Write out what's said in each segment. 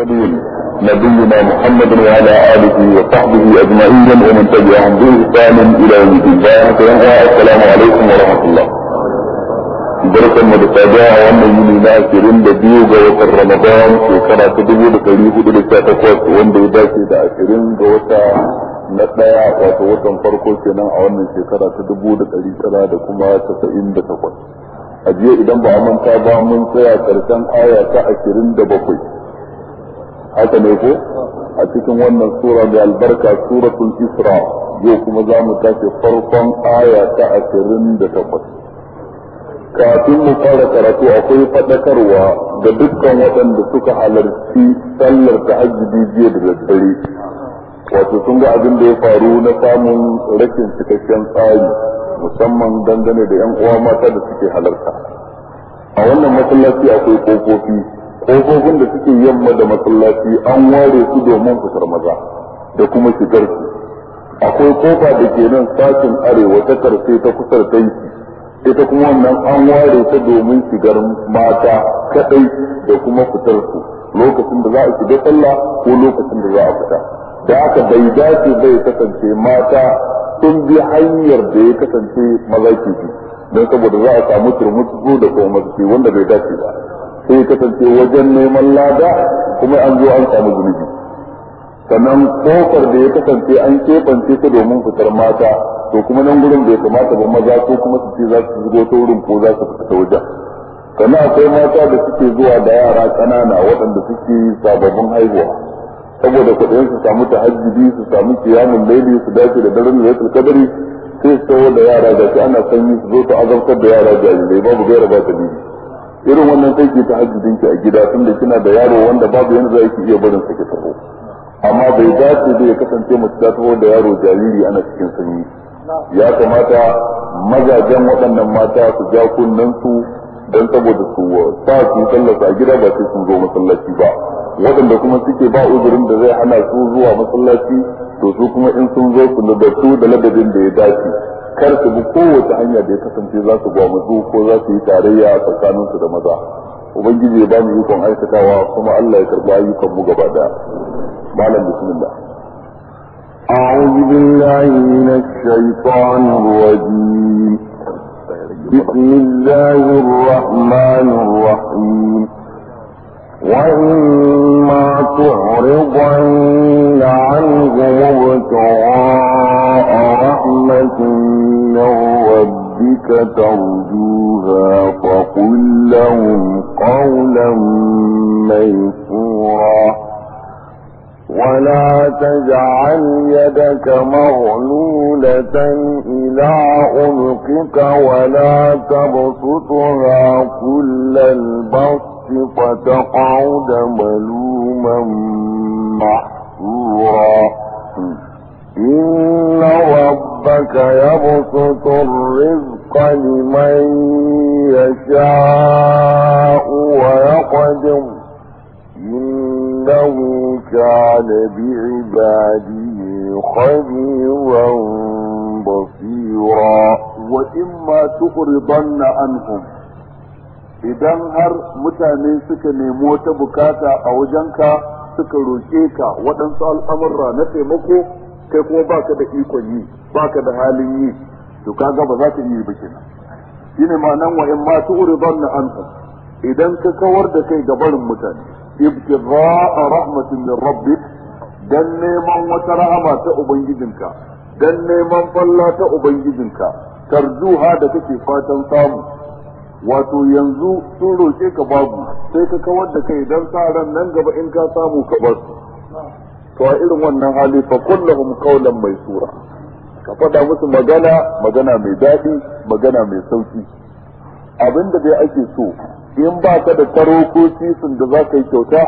المرسلين نبينا محمد وعلى آله وصحبه أجمعين ومن تبعهم بإحسان إلى يوم الدين السلام عليكم ورحمة الله barkan mu da tsada a wannan yini na ashirin da biyu ga watan ramadan shekara ta dubu da dari hudu da sha takwas wanda ya dace da ashirin ga wata na ɗaya wato watan farko kenan a wannan shekara ta dubu da dari tara da kuma tasa'in da takwas a jiya idan ba a manta ba mun tsaya karshen aya ta ashirin da bakwai haka ne ko a cikin wannan sura da albarka suratul isra yau kuma za mu tashi farkon aya ta ashirin da takwas kafin mu fara karatu akwai faɗakarwa ga dukkan waɗanda suka halarci sallar ta ajibi jiya da daddare wato sun ga abin da ya faru na samun rashin cikakken tsari musamman dangane da 'yan uwa mata da suke halarta a wannan masallaci akwai kofofi ƙofofin da suke yamma da masallaci an ware su domin fitar maza da kuma shigar su akwai kofa da ke nan sashin arewa ta karfe ta kusar daiki ita kuma wannan an ware ta domin shigar mata kadai da kuma fitar su lokacin da za a shiga sallah ko lokacin da za a fita da haka bai dace zai kasance mata sun bi hanyar da ya kasance maza ke bi don saboda za a samu turmutsu da kuma wanda bai dace ba sai kasance wajen neman lada kuma an zo an samu zunubi sannan kofar da ya kasance an kefance ta domin fitar mata to kuma nan gurin bai kamata ba maza ko kuma su ce za su zo ta wurin ko za su fita ta wajen sannan akwai mata da suke zuwa da yara ƙanana waɗanda suke sababbin haihuwa saboda kuɗin su samu hajjibi su samu kiyamun laili su dace da daren da ya sai su da yara da su ana sanyi su zo ta azabtar da yara jarirai babu gaira ba ta bibi irin wannan sai ta tahajjudin ki a gida tun da kina da yaro wanda babu yanda za ki iya barin sa ki taho amma bai za da ya kasance mace ta taho da yaro jariri ana cikin sanyi ya kamata mazajen waɗannan mata su ja kunnan su dan saboda su sa su sallasa a gida ba su sun zo masallaci ba waɗanda kuma suke ba uzurin da zai hana su zuwa masallaci to su kuma in sun zo su su da ladabin da ya dace kar su bi kowace hanya da ya kasance za su gwamutsu ko za su yi tarayya a tsakaninsu da maza ubangiji ya ba mu ikon aikatawa kuma Allah ya karba ayyukan mu gaba da malam bismillah أعوذ بالله من الشيطان الرجيم بسم الله الرحمن الرحيم وإما عنه رحمة من ربك ترجوها فقل لهم قولا ميسورا ولا تجعل يدك مغلولة إلى ولا تبسطها كل البسط فتقعد ملوما محسورا إن ربك يبسط الرزق لمن يشاء ويقدر إنه كان بعباده خبيرا بصيرا وإما تقرضن عنهم idan har mutane suka nemo ta bukata a wajenka suka roƙe ka waɗansu al'amurra na taimako kai kuma baka da ikon yi baka da halin yi to kaga ba za ka yi ba kenan shine ma'anan wa in ma na anhum idan ka kawar da kai ga barin mutane ibtigha'a rahmatin min rabbik dan neman wata rahama ta ubangijinka dan neman falla ta ubangijinka tarjuha da kake fatan samu wato yanzu sun roƙe ka babu sai ka kawar da kai don sa ran nan gaba in ka samu ka bar su to a irin wannan hali fa kaulan mai sura ka faɗa musu magana magana mai daɗi magana mai sauki abinda dai ake so in ba ka da taro ko sisin da za ka yi kyauta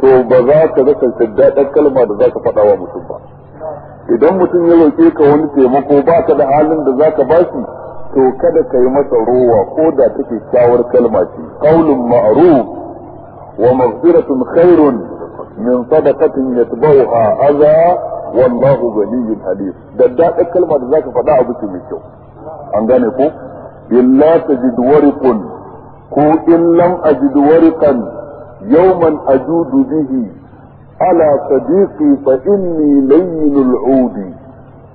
to ba za ka rasa shaddaɗar kalma da za ka faɗa wa mutum ba idan mutum ya roƙe ka wani taimako ba ka da halin da za ka ba shi to kada ka yi masa rowa ko da ta kyakkyawar kalma ce qaulun ma'ruf wa maghfiratun khairun min sadaqatin yatba'uha adha wallahu ghaniyyun halim da dadda kalma da zaka faɗa abu ce mai kyau an gane ko illa tajid warqun ko illam ajid warqan yawman ajudu bihi ala sadiqi fa inni layyinul udi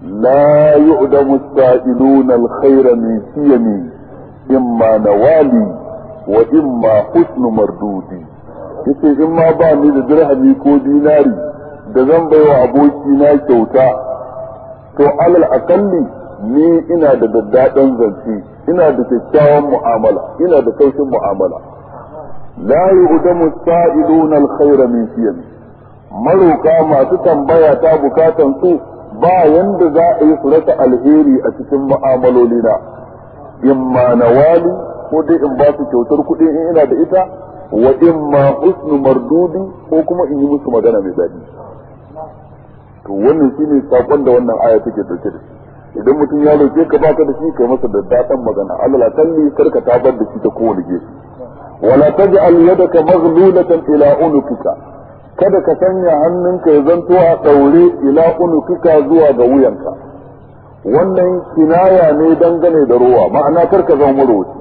لا يؤدم السائلون الخير من سيمي إما نوالي وإما حسن مردودي yace in ma ba ni da dirhami ko dinari da zan bai wa aboki na kyauta to alal akalli ni ina da daddaɗan zance ina da kyakkyawan mu'amala ina da kaushin mu'amala la yu'damu sa'iluna al-khayra min siyami maroka masu tambaya ta bukatan su ba yanda za a yi surata alheri a cikin mu'amaloli na in ma na wali ko dai in ba su kyautar kuɗi in ina da ita wa in ma husnu mardudi ko kuma in yi musu magana mai daɗi to wannan shine sakon da wannan aya take dauke da shi idan mutum ya roƙe ka baka da shi kai masa da daɗin magana Allah kalli karka tabar da shi ta kowane gefe wala taj'al yadaka maghlulatan ila unuqika kada ka sanya hannunka ya zanto a ɗaure ila unukuka zuwa ga wuyanka wannan kinaya ne dangane da ruwa ma'ana karka zama marowaci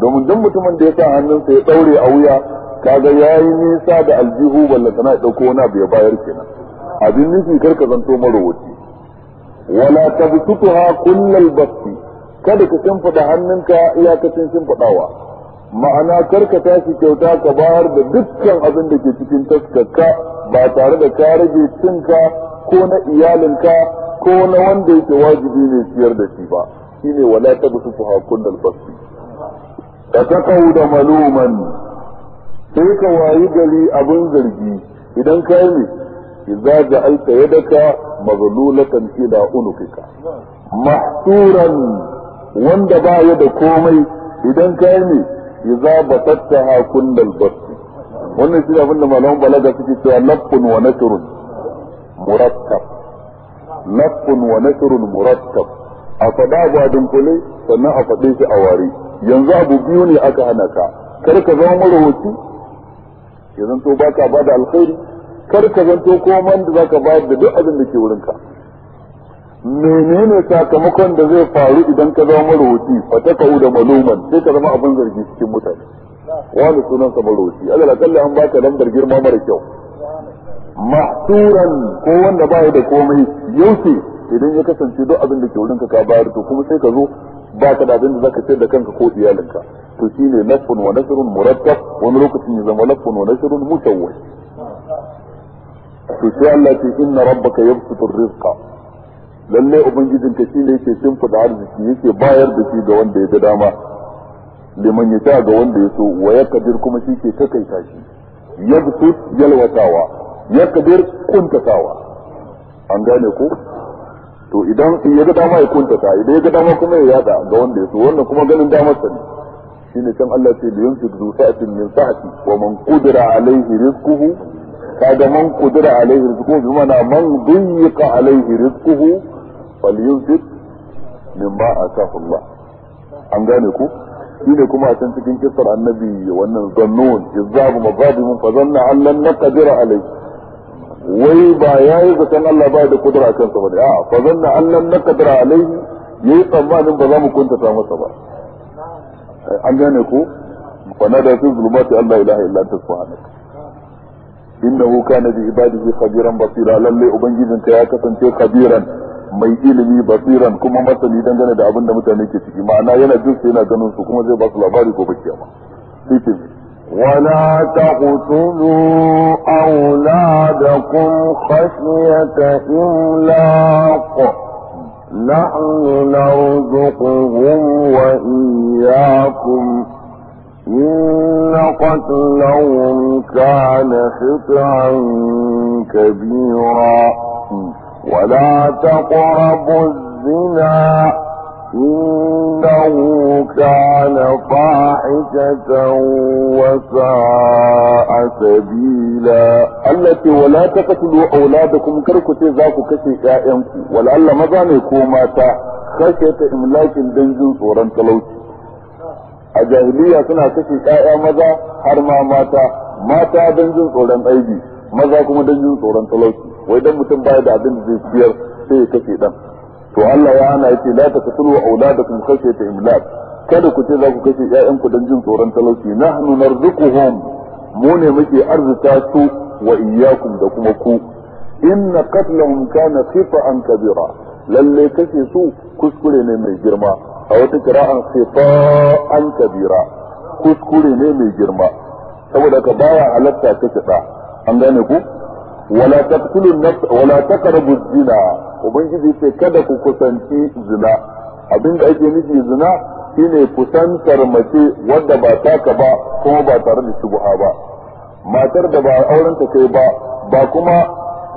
domin duk mutumin da ya sa hannunsa ya ɗaure a wuya kaga ya yi nisa da aljihu balla tana ya ɗauko wani abu ya bayar kenan abin nufi karka zanto marowaci wala ha kullal basti kada ka shimfiɗa hannunka iyakacin shimfiɗawa ma'ana karka tashi kyauta ka bayar da dukkan abin da ke cikin taskarka ba tare da ka rage cinka ko na iyalinka ko na wanda yake wajibi ne siyar da shi ba shine wala tabsutu hakun dal basti ka takau da maluman sai ka wayi gari abin zargi idan ka yi ne idza ja'alta yadaka maghlulatan ila unukika mahturan wanda ba ya da komai idan ka yi ne idza batattaha kullal bat wannan shi abin da balaga suke cewa lafun wa nashrun murakkab lafun wa a faɗa ba dunkule sannan a faɗe shi a ware yanzu abu biyu ne aka hana ka kar ka zama marahoci ya zanto baka ba da alkhairi kar ka zanto ko man da zaka bayar da duk abin da ke wurinka menene sakamakon da zai faru idan ka zama marubuci fa ta kawo da maluman sai ka zama abin zargi cikin mutane wani sunan sa marubuci Allah kalli an baka lambar girma mara kyau mahturan ko wanda baya da komai yauce idan ya kasance duk abin da ke wurin ka ka bayar to kuma sai ka zo ka da abin da zaka ce da kanka ko iyalinka to shine nasfun wa nasrun murattab wani lokacin ya zama nasfun wa nasrun mutawwi to sai Allah ce inna rabbaka yabsutur rizqa lalle ubangijin ka shine yake da arziki yake bayar da shi ga wanda ya ga dama liman ya ga wanda ya so wa ya kadir kuma shi ke takaita shi ya yalwatawa ya kadir kuntatawa an gane ko to idan ya ga dama ya kuntata idan ya ga dama kuma ya yada ga wanda ya so wannan kuma ganin damar sa ne shine kan Allah ce da yunfiq zu sa'atin min sa'ati wa man qudira alaihi rizquhu kaga man qudira alaihi rizquhu bi ma'ana man dayyaqa alaihi rizquhu falyunfik mimma atahu Allah an gane ku shi ne kuma a can cikin kisar annabi wannan zannun izzabu mazalimun fa zanna allan naqdira alai wai ba yayi zaton Allah ba da kudura kan sa bane a fa zanna allan naqdira alai yayi tsammanin ba za mu ta masa ba an gane ku fa nada fi zulumati Allah ilaha illa anta subhanaka innahu kana bi ibadihi khabiran basira lalle ubangijinka ya kasance khabiran mai ilimi basiran kuma masani dangane da abin da mutane ke ciki ma'ana yana jin yana ganin su kuma zai ba su labari ko bakiya ba sikin wala ta kutulu auladakum khashiyata imlaq nahnu narzuquhum wa iyyakum إن قتلهم كان خطئا كبيرا ولا تقربوا الزنا إنه كان فاحشة وساء سبيلا التي ولا تقتلوا أولادكم كركو تزاكو كشي شائنكم ولعل مزاني كوماتا خشية إملاك الدنجن صورا تلوتي a سنة suna kashe ƴaƴa maza ماتا ماتا mata mata أيدي jin tsoron aiki maza تلوتي wai dan mutum baya da abin da zai ciyar sai ya kashe dan to Allah ya hana yace la taqtulu auladakum khashyata imlaq kada ku ce za ku kashe ƴaƴanku ku dan jin tsoron talauci nahnu narzuquhum mu ne muke arzuta su wa iyyakum da kuma ku inna qatlahum kana khifa'an kabira lalle kashe su kuskure ne mai girma a wata kira'an an kabira kuskure ne mai girma saboda ka baya halatta kashe da an gane ku wala taqtulu an wala taqrabu zina ubangiji sai kada ku kusanci zina abinda ake nufi zina shine kusantar mace wadda ba taka ba kuma ba tare da shubha ba matar da ba auren kai ba ba kuma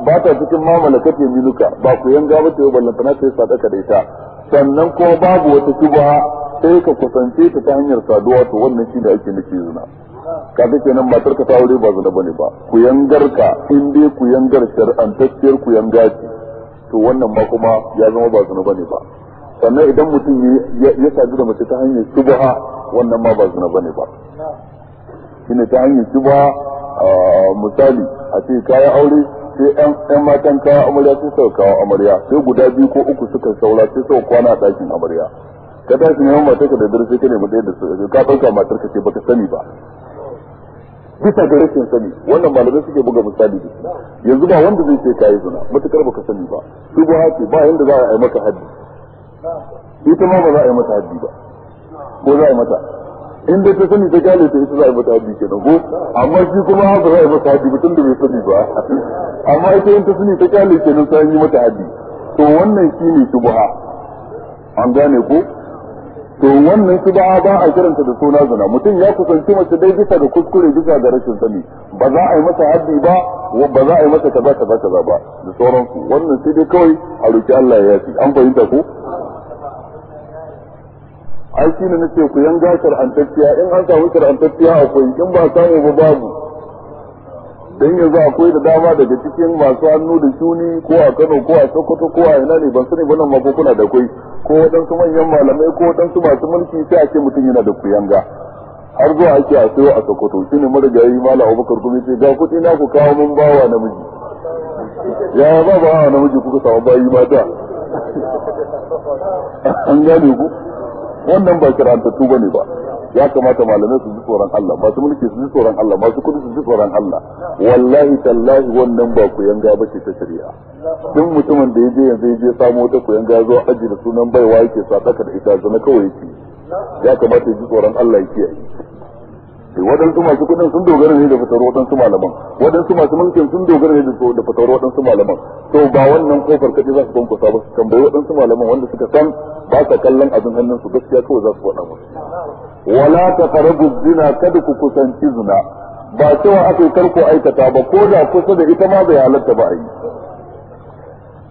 ba ta cikin mamala ta miluka ba ku yanga ba ta yi ballantana ta yi sadaka da ita sannan kuma babu wata shubha sai ka kusance ta ta hanyar saduwa to wannan shi da ake nufi zina ka ga kenan matar ka ta aure ba zuna bane ba ku yangar ka in dai ku yangar shar'antacciyar ku yanga ce to wannan ma kuma ya zama ba zuna bane ba sannan idan mutum ya sadu da mace ta hanyar shubha wannan ma ba zuna bane ba shine ta hanyar shubha misali a ce kayan aure sai yan matan kayan amarya sai suka kawo amarya sai guda biyu ko uku suka saura sai suka kwana a ɗakin amarya ka tashi matar matarka da dare sai ka nemi ɗaya da su ka ɗauka matarka ce baka sani ba bisa ga rashin sani wannan malamai suke buga misali da yanzu ba wanda zai ce kayi zina matukar baka sani ba su ba haki ba yanda za a yi maka haddi ita ma ba za a yi mata haddi ba ko za a yi mata in dai ta sani ta gane ta ita za a yi mata haddi kenan ko amma shi kuma ba za a yi mata haddi mutum da bai sani ba amma ita in ta sani ta gane kenan sai yi mata haddi to wannan shine shubha an gane ko to wannan shubha ba a kiranta da suna zina mutum ya kusanci mace dai bisa ga kuskure bisa ga rashin sani ba za a yi masa haddi ba wa ba za a yi masa kaza kaza kaza ba da sauransu wannan sai dai kawai a roki Allah ya yafi an fahimta ko ai shine nace ku gashar shar'antacciya in an samu shar'antacciya akwai in ba samu ba babu ya yanzu akwai da dama daga cikin masu hannu da shuni ko a Kano ko a Sokoto ko a ina ne ban sani ba nan ma ko kuna da kai ko waɗansu manyan malamai ko waɗansu masu mulki sai a ce mutum yana da kuyanga har zuwa ake a sayo a Sokoto shine marigayi Malam Abubakar kuma ce ga kuɗi na ku kawo mun bawa namiji ya ba ba wa namiji kuka samu bayi mata an gane ku wannan ba ba ne ba ya kamata malamai su ji tsoron Allah masu mulki su ji tsoron Allah masu kudi su ji tsoron Allah wallahi tallahi wannan ba ku yanga ba ce ta shari'a duk mutumin da ya je yanzu ya je samo ta ku yanga zuwa aji da sunan baiwa yake sa da ita zana kawai yake ya kamata ya ji tsoron Allah yake kiyaye hadisi eh, waɗansu masu kuɗin sun dogara ne da fitar waɗansu malaman waɗansu masu mulkin sun dogara ne da fitar waɗansu malaman to ba wannan kofar kaɗai za su bankusa ba su tambayi waɗansu malaman wanda suka san ba ka kallon abin hannunsu gaskiya kawai za su faɗa musu wala ta karabu zina kada ku kusanci zina ba cewa aka yi karko aikata ba ko da kusa da ita ma bai halatta ba a yi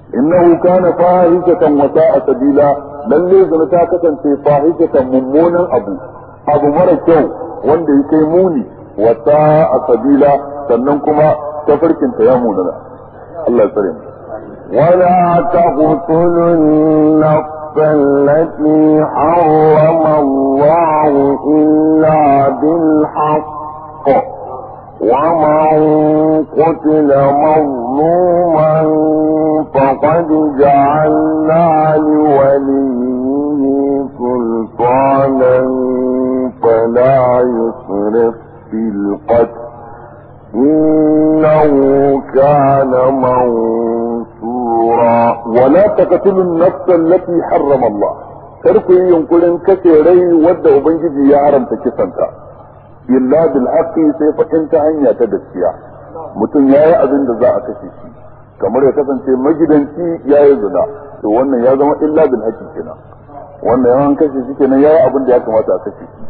إنه كان فاحشة وساء سبيلا لن يزن تاكة في فاحشة mummunan abu abu mara kyau. wanda ya kai muni wa ta a sabila sannan kuma tafarkin ta ya munana Allah ya tsare mu wala taqtulun nafsa allati harrama Allah illa bil haqq ومن قتل مظلوما فقد جعلنا لوليه سلطانا ولا يصرف في القتل إنه كان منصورا ولا تقتلوا النفس التي حرم الله تركي ينقلن كتيري ود أبنجي يعرم تكسنتا إلا بالحق سيف أنت أن يتدسيا متن يا أذن دزاء كشيشي كمر يتسن في مجدن في يا يزنا وأن يا زمان إلا بالحق كنا وأن يا أنكشي كنا يا أبن دياك ما تأكشيشي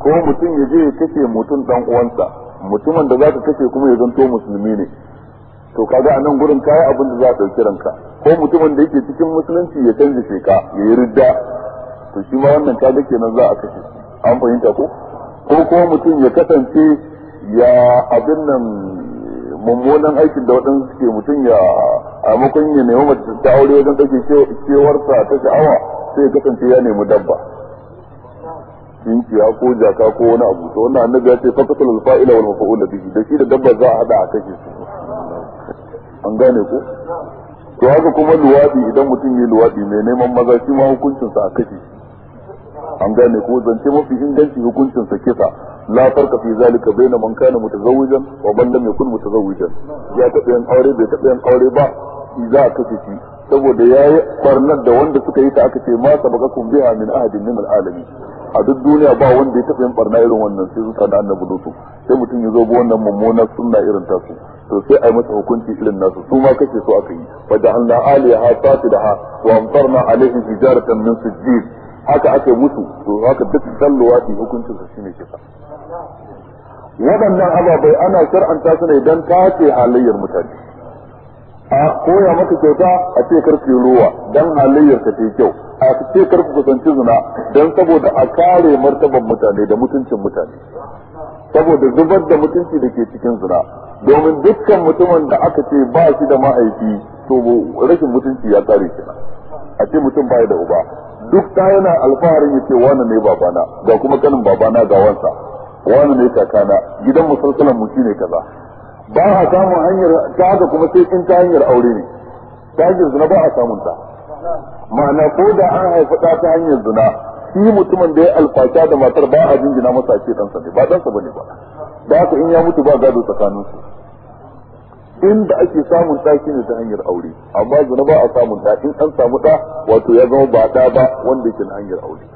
ko mutum ya je ya kashe mutum dan uwansa mutumin da zaka kashe kuma ya zanto musulmi ne to kaga anan gurin kaya abin da za a ɗauki ranka ko mutumin da yake cikin musulunci ya canza sheka ya yi ridda to shi ma wannan dake nan za a kashe an fahimta ko ko ko mutum ya kasance ya abin nan mummunan aikin da waɗansu suke mutum ya a makon ya nemi mace ta aure wajen ɗauke cewarsa ta sha'awa sai ya kasance ya nemi dabba tinkiya ko jaka ko wani abu to wannan annabi ya ce faqatul fa'ila wal maf'ul bihi da shi da dabba za a hada a kashe su an gane ko to haka kuma luwadi idan mutum ya luwadi mai neman maza shi ma hukuncin sa a kashe an gane ko zance mafi inganci hukuncin sa kisa la farka fi zalika baina man kana mutazawwijan wa man lam yakun mutazawwijan ya taɓa yin aure bai taɓa yin aure ba za a kashe shi saboda yayi barnar da wanda suka yi ta aka ce ma kun biha min ahadin min alalamin a duk duniya ba wanda ya taɓa yin barna irin wannan sai sun da annabi lutu sai mutum ya zo ga wannan mummunar sunna irin tasu to sai a yi masa hukunci irin nasu su ma kake so aka yi wa ja'alna aliyaha satidaha wa amtarna alaihim hijaratan min sijjid haka ake musu to haka duk dalluwa din hukuncin su shine kisa waɗannan ababai ana shar'anta su ne don tace halayyar mutane a koya maka kyauta a ce karki ruwa don halayyar ka ta kyau a ce karki kusanci zina don saboda a kare martaban mutane da mutuncin mutane saboda zubar da mutunci da ke cikin zina domin dukkan mutumin da aka ce ba shi da ma'aiki to rashin mutunci ya kare shi a ce mutum baya da uba duk ta yana alfaharin ya ce wani ne babana ga kuma kanin babana ga wansa wani ne kakana gidan musulsalan mu ne kaza ba a samun hanyar ta haka kuma sai in ta hanyar aure ne ta hanyar zina ba a samun ta ma'ana ko da an haifi ɗa ta hanyar zina shi mutumin da ya alfasha da matar ba a jinjina masa a ce ɗansa ne ba ɗansa ba ne ba da haka in ya mutu ba gado tsakanin su inda ake samun ɗa shi ne ta hanyar aure amma zina ba a samun ta in an samu ɗa wato ya zama ba ɗa ba wanda yake na hanyar aure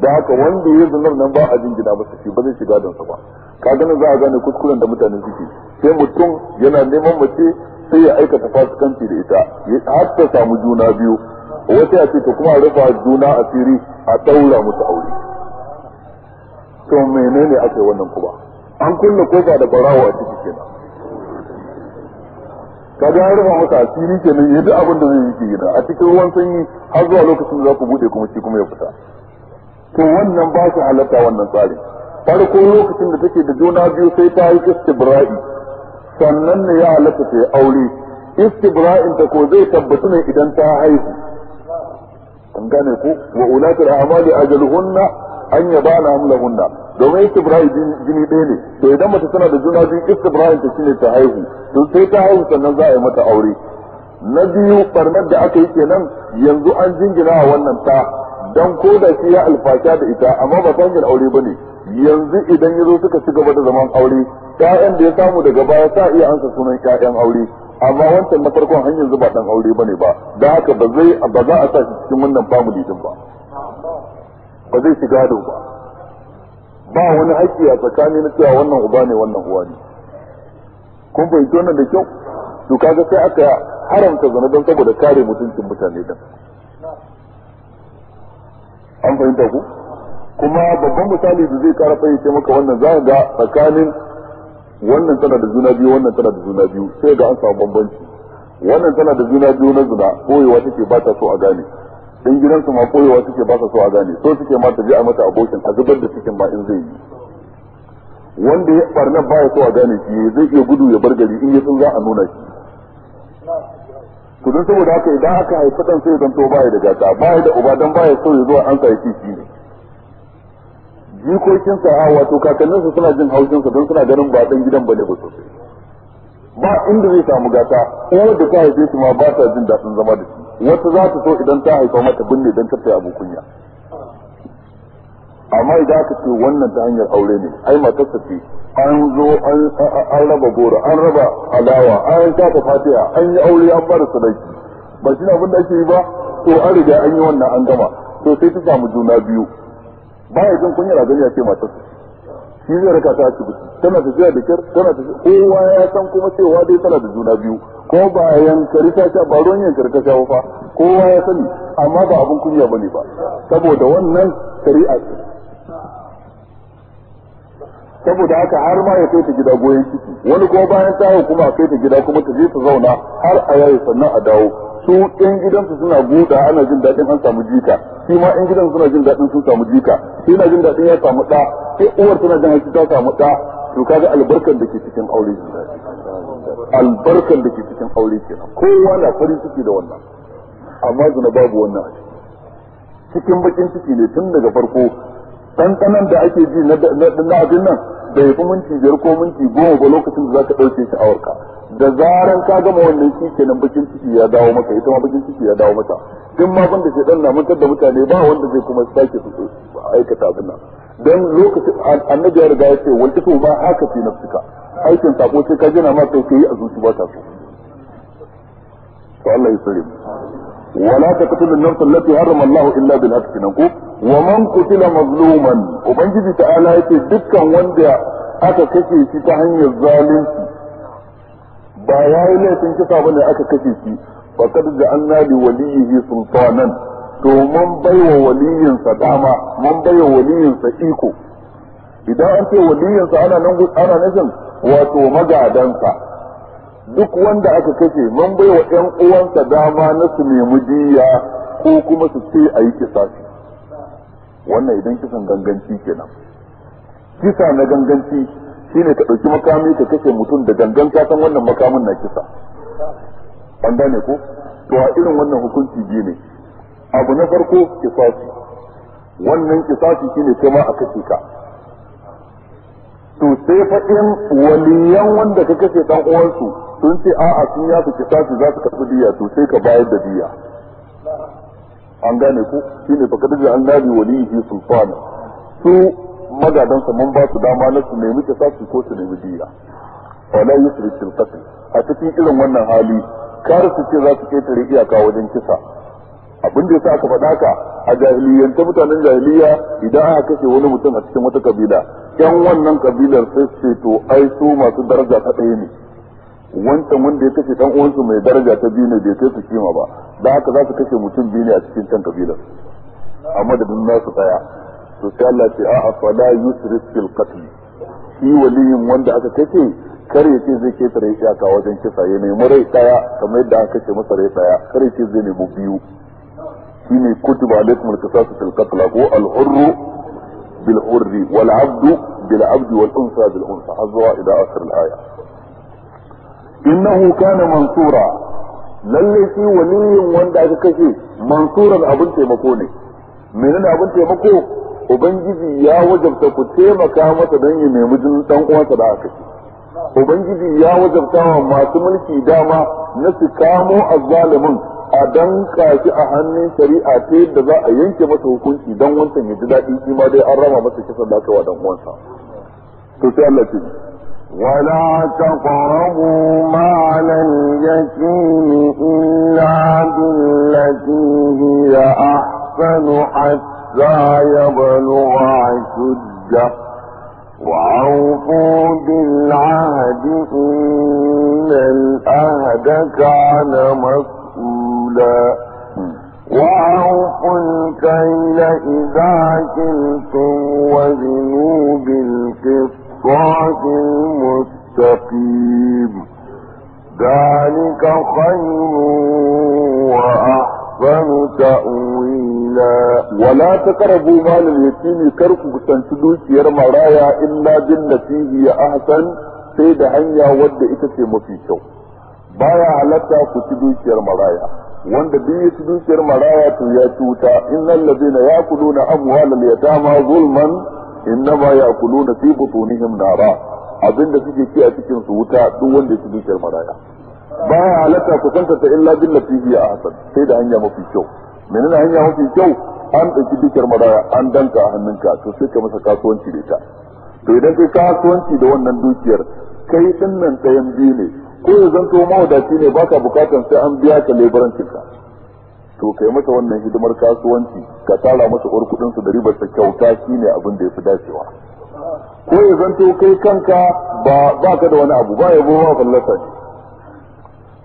da haka wanda ya zunar nan ba a jingina su fi ba zai shiga don sa ba ka za a gane kuskuren da mutane suke sai mutum yana neman mace sai ya aikata fasikanci da ita har ta samu juna biyu wata ya ce ta kuma rufa juna asiri a daura musu aure to menene ake wannan kuma an kulle kofa da barawo a ciki kenan ka ga rufa masa asiri kenan yadda abin da zai yi gida a cikin ruwan sanyi har zuwa lokacin da za ku bude kuma shi kuma ya fita to wannan ba su halatta wannan tsarin farko lokacin da take da juna biyu sai ta yi istibra'i sannan ne ya halatta ta aure istibra'in ta ko zai tabbatu ne idan ta haihu an gane ku wa ulatul a'mali ajaluhunna an yabana amlahunna domin istibra'i jini ɗaya ne to idan mace tana da juna biyu istibra'in ta shine ta haihu to sai ta haihu sannan za a yi mata aure na biyu barnar da aka yi kenan yanzu an jingina wannan ta dan ko da shi ya alfasha da ita amma ba bangin aure bane yanzu idan ya zo suka ci gaba da zaman aure ƴaƴan da ya samu daga baya sa iya ansa sunan ƴaƴan aure amma wancan na farkon har yanzu ba dan aure bane ba dan haka ba zai ba za a sa shi cikin wannan family din ba ba zai shiga da ba ba wani haƙƙi a tsakani na cewa wannan uba ne wannan uwa ne kun fahimci wannan da kyau to kaga sai aka haramta zana don saboda kare mutuncin mutane din an fahimta ku kuma babban misali da zai kara fahimce maka wannan za ga tsakanin wannan tana da juna biyu wannan tana da juna biyu sai ga an samu bambanci wannan tana da juna biyu na zina koyewa take ba ta so a gane dan gidansu ma koyewa suke ba ta so a gane so suke ma ta je a mata abokin a zubar da cikin ma in zai yi wanda ya barna baya so a gane shi zai iya gudu ya bar gari in ya sun za a nuna shi ku don saboda haka idan aka haifi dan sai zan to baya da gata baya da uba dan baya so ya zo an sa shi shi jikokin sa a wato kakannin su suna jin haushin sa don suna ganin ba dan gidan bane ba sosai ba inda zai samu gata uwar da ta haife shi ma ba ta jin daɗin zama da shi wata za ta so idan ta haifa mata binne dan ta abu kunya amma idan aka ce wannan ta hanyar aure ne ai matar ce an zo an raba goro an raba alawa an shafa fatiha an yi aure an fara sadaki ba shi abin da ake yi ba to an riga an yi wannan an gama to sai ta samu juna biyu baya jin kunyar gani a ce matar shi zai raka ta asibiti tana tafiya da kyar tana tafiya kowa ya san kuma cewa dai tana da juna biyu ko ba yankari ta sha ba ruwan yankari ta sha fa kowa ya sani amma ba abin kunya bane ba saboda wannan shari'a ce saboda haka har ma ya kai ta gida goyon ciki wani kuma bayan tawo kuma a kai ta gida kuma ta je ta zauna har a yayi sannan a dawo su ɗan gidansu suna guda ana jin daɗin an samu jika shi ma ɗan gidansu suna jin daɗin sun samu jika shi na jin daɗin ya samu ɗa sai uwar tana jin haƙi ta samu ɗa to kaga albarkar da ke cikin aure albarkar da ke cikin aure kenan kowa na farin ciki da wannan amma zina babu wannan cikin bakin ciki ne tun daga farko ɗanɗanan da ake ji na abin nan bai fi minti biyar ko minti goma ba lokacin da za ka ɗauke warka. da zaran ka gama wannan shi kenan bakin ciki ya dawo maka ita ma bakin ciki ya dawo mata duk ma ban da shi dan namantar da mutane ba wanda zai kuma sake su aikata abin nan dan lokacin annabi ya riga ya ce wanda to ba haka fi suka. aikin sako sai ka jina ma ka yi a zuci ba ta so to Allah ya sare mu wala taqtulun nafsa allati harrama Allah illa bil haqqi nan ko wa man kutila mazluman ubangiji ala yake dukkan wanda aka kashe shi ta hanyar zalunci ba yayi laifin kisa bane aka kashe shi faqad ja'alna li waliyhi sultanan to mun baiwa waliyinsa dama mun baiwa waliyinsa iko idan an ce sa ana nan ana nan wato magadansa duk wanda aka kashe mun baiwa ƴan uwansa dama na su nemi diya ko kuma su ce a yi kisa wannan idan kisan ganganci kenan kisa na ganganci shine ka ɗauki makami ka kashe mutum da gangan ka san wannan makamin na kisa an gane ko to a irin wannan hukunci biyu ne abu na farko kisasi wannan kisasi shine kai ma a kashe ka to sai faɗin waliyan wanda ka kashe dan uwansu sun ce a'a sun yafi kisasi za su karɓi diya to sai ka bayar da diya an gane ku shine fa kadda an wani walihi su magadan mun ba su dama na su nemi kisasi ko su nemi diya wala yusri fil qatl a cikin irin wannan hali kar su ce za su ketare iyaka wajen kisa abin da yasa aka faɗa ka a ta mutanen jahiliya idan aka kashe wani mutum a cikin wata kabila yan wannan kabilar sai ce to ai su masu daraja ta ɗaya ne wancan wanda ya kashe dan uwansu mai daraja ta biyu ne bai kai su kima ba da haka za su kashe mutum biyu ne a cikin can kabilar a madadin nasu daya to sai Allah ce a'a fala yusrif fil qatl shi waliyin wanda aka kashe kar ya ce zai keta rai iyaka wajen kisa ya mu rai daya kamar yadda aka kashe masa rai daya kar ya ce zai nemi biyu shine kutiba alaikum al-qisas fil qatl ko al-hurr bil hurri wal 'abdu bil 'abdi wal unsa bil unsa azwa ila akhir al-aya innahu kana mansura lalle shi waliyin wanda aka kashe mansuran abin taimako ne menene abin taimako ubangiji ya wajabta ku taimaka masa don ya nemi jinin dan uwansa da aka kashe ubangiji ya wajabta wa masu mulki dama na su kamo azzalimin a danka shi a hannun shari'a ta yadda za a yanke masa hukunci don wancan ya ji daɗi shi ma dai an rama masa kisan da aka wa dan uwansa to sai Allah ce ولا تقربوا مال اليتيم إلا بالتي هي أحسن حتى يبلغ عشده وعوفوا بالعهد إن الأهد كان مسؤولا وأوفوا الكيل إذا كنتم وزنوا بالقسط الصراط المستقيم ذلك خير وأحسن تأويلا ولا تقربوا مال اليتيم كركم تنتدوش يرمى رايا إلا بالتي هي أحسن sai da hanya wadda ita ce mafi kyau baya halatta ku ci dukiyar maraya wanda duk ya ci dukiyar maraya to ya ci wuta innal ladina yaquluna amwalal zulman innama na fi butunihim nara abinda suke ci a cikin su wuta duk wanda su dukiyar maraya ba ya halatta ku kanta ta illa billati a hasan sai da hanya mafi kyau menene hanya mafi kyau an ɗauki dukiyar maraya an danka a hannunka to sai ka masa kasuwanci da ita to idan kai kasuwanci da wannan dukiyar kai dinnan tsayan biyu ne ko ya zanto mawadaci ne baka bukatan sai an biya ka cika. to kai masa wannan hidimar kasuwanci ka tara masa uwar kudin su da ribar sa kyauta shine abin da yafi dacewa ko ya zanto kai kanka ba ba ka da wani abu ba ya bo fallasa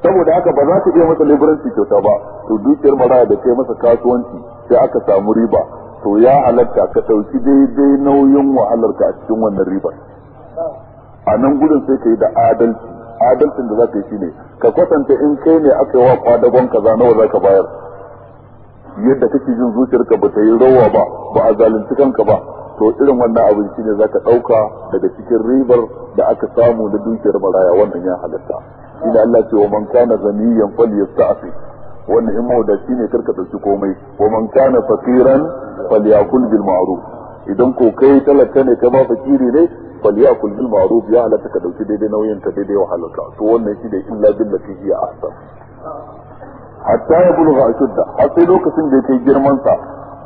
saboda haka ba za ka iya masa leburanci kyauta ba to dukiyar maraya da kai masa kasuwanci sai aka samu riba to ya halatta ka ɗauki daidai nauyin wahalar ka a cikin wannan ribar a nan gudun sai ka yi da adalci adalcin da za ka yi ne ka kwatanta in kai ne aka yi wa kwadagon kaza nawa za ka bayar yadda kake jin zuciyarka ba ta yi rawa ba ba a zalunci kanka ba to irin wannan abin za zaka dauka daga cikin ribar da aka samu da dukiyar maraya wannan ya halatta ne Allah ce wa man kana zaniyan falyasta'fi wannan in shi ne karka dauki komai wa man kana faqiran falyakul bil ma'ruf idan ko kai talaka ne ka ba fakiri ne falyakul bil ma'ruf ya halatta ka dauki daidai nauyin ka daidai wahalarka to wannan shi da illa billahi ya ahsan hatta ya ga ashudda har sai lokacin da ya kai girman sa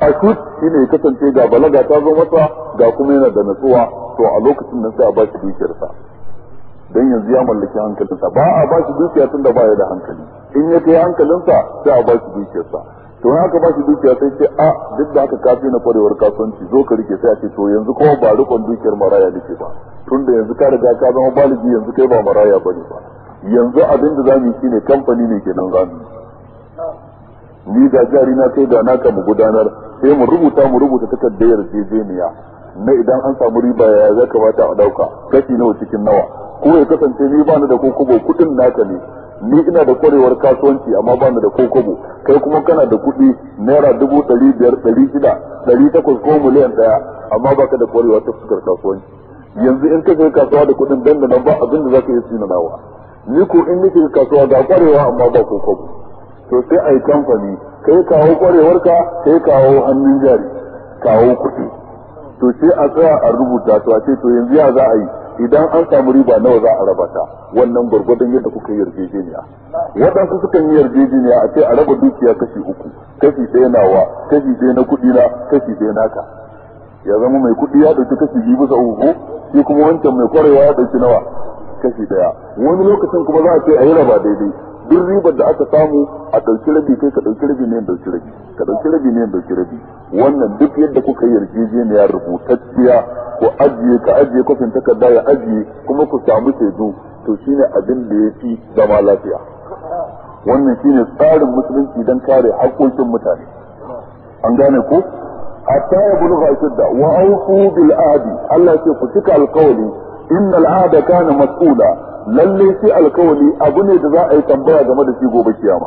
ashud shine ya kasance ga balaga ta zo masa ga kuma yana da natsuwa to a lokacin nan sai a ba shi dukiyar sa dan yanzu ya mallaki hankalin sa ba a ba shi dukiya tunda ba ya da hankali in ya kai hankalin sa sai a ba shi dukiyar sa to na ka ba shi dukiya sai ce a ah, duk da haka kafi na kwarewar kasuwanci zo ka rike sai a ce to yanzu kuma ba rikon dukiyar maraya nake ba tunda yanzu ka riga ka zama baligi yanzu kai ba maraya bane ba yanzu abin da zamu yi shine kamfani ne kenan zamu yi ni da jari na kai da naka mu gudanar sai mu rubuta mu rubuta takardar yarjejeniya na idan an samu riba ya za kamata a dauka kashi nawa cikin nawa ko ya kasance ni bani da kokobo kudin naka ne ni ina da kwarewar kasuwanci amma bani da kokobo kai kuma kana da kuɗi naira dubu dari biyar dari shida dari takwas ko miliyan ɗaya amma baka da kwarewa ta fuskar kasuwanci yanzu in ka kai kasuwa da kuɗin dan da nan ba abin da za ka yi sinanawa ni ko in nake kasuwa ga kwarewa amma ba kokobo to sai a yi kamfani kai kawo kwarewarka kai kawo hannun jari kawo kuɗi to sai a tsaya a rubuta to a ce to yanzu ya za a yi idan an samu riba nawa za a raba ta wannan gwargwadon yadda kuka yi yarjejeniya waɗansu suka yi yarjejeniya a ce a raba dukiya kashi uku kashi ɗaya nawa kashi ɗaya na kuɗi na kashi ɗaya naka ya zama mai kuɗi ya ɗauki kashi biyu bisa uku shi kuma wancan mai kwarewa ya ɗauki nawa kashi ɗaya wani lokacin kuma za a ce a yi raba daidai duk ribar da aka samu a ɗauki rabi kai ka ɗauki rabi ne ɗauki rabi ka ɗauki rabi ne ɗauki rabi wannan duk yadda kuka yi yarjejeniya rubutacciya ko ajiye ka ajiye kofin takarda ya ajiye kuma ku samu shaidu to shine abin da ya fi zama lafiya wannan shine tsarin musulunci don kare haƙoƙin mutane an gane ko hatta ya bulugha shidda wa wa'aufu bil Allah ce ku cika alƙawli inna al ahda kana mas'ula lalle shi alkawali abu ne da za a yi tambaya game da shi gobe kiyama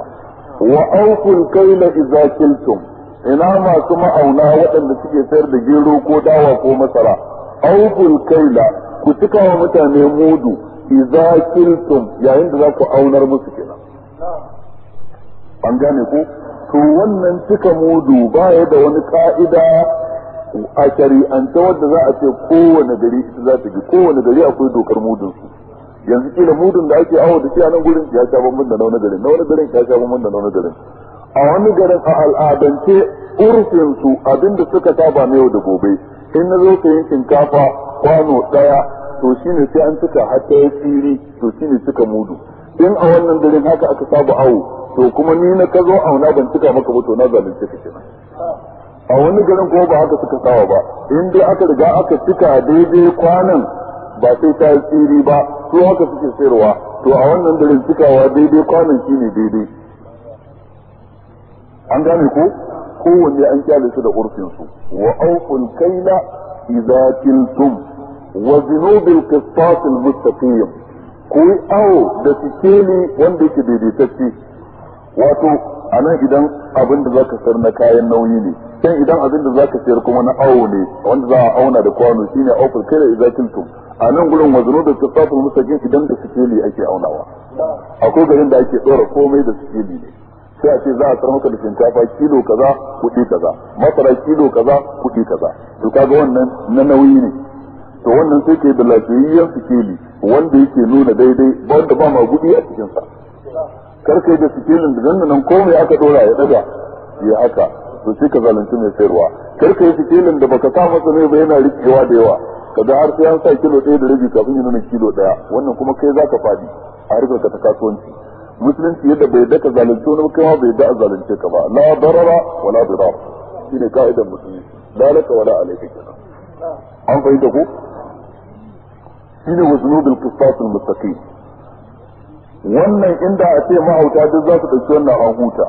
wa aukul kaila idza kiltum ina masu ma'auna waɗanda suke sayar da gero ko dawa ko masara aukul kaila ku cika wa mutane mudu idza kiltum yayin da za ku aunar musu kenan an gane ku to wannan cika mudu baya da wani ka'ida a shari'anta wadda za a ce kowane gari za ta bi kowane gari akwai dokar mudun yanzu kila mudun da ake awo da shi a nan gurin ya sha bambam da na garin na wani garin ya sha bambam da na garin a wani garin a al'adance urfin su abinda suka saba na yau da gobe in na zo yin shinkafa kwano daya to shine sai an cika har yi tsiri to shine cika mudu in a wannan garin haka aka saba awo to kuma ni na ka zo auna ban cika maka ba to na zalunce ka kenan a wani garin ko ba haka suka saba ba in dai aka riga aka cika daidai kwanan ba sai ta yi tsiri ba su haka suke sayarwa to a wannan dare cikawa daidai kwanan shi ne daidai an gane ko kowanne an kyale su da urfinsu wa auful kaila idza kiltum wa zinubil qisas al mustaqim ku awo da ne wanda yake daidaitacce wato anan idan abin da zaka sayar na kayan nauyi ne sai idan abin da zaka sayar kuma na awo ne wanda za a auna da kwano shine auful kaila idza kiltum a nan gurin wazano da tufafin musajin idan da sikeli ake aunawa akwai garin da ake tsora komai da sikeli ne sai a ce za a tsara maka da shinkafa kilo kaza kuɗi kaza masara kilo kaza kuɗi kaza to kaga wannan na nauyi ne to wannan sai ke da lafiyayyen sikeli wanda yake nuna daidai wanda ba ma gudi a cikin sa kar kai da sikelin da nan nan komai aka dora ya daga ya haka to sai ka zalunci mai sayarwa karka yi sikilin da baka sa masa mai ba yana rikewa da yawa kaga har sai an sa kilo ɗaya da rabi kafin ya nuna kilo ɗaya wannan kuma kai za ka faɗi a harkar ka ta kasuwanci musulunci yadda bai daka zalunce wani kai ma bai da zalunce ka ba la darara wala dirar shine ka'idar musulmi dalaka wala alayka kenan an fahimta ko shine wazunubul qisas al mustaqim wannan inda a ce mahauta duk za su ɗauki wannan an huta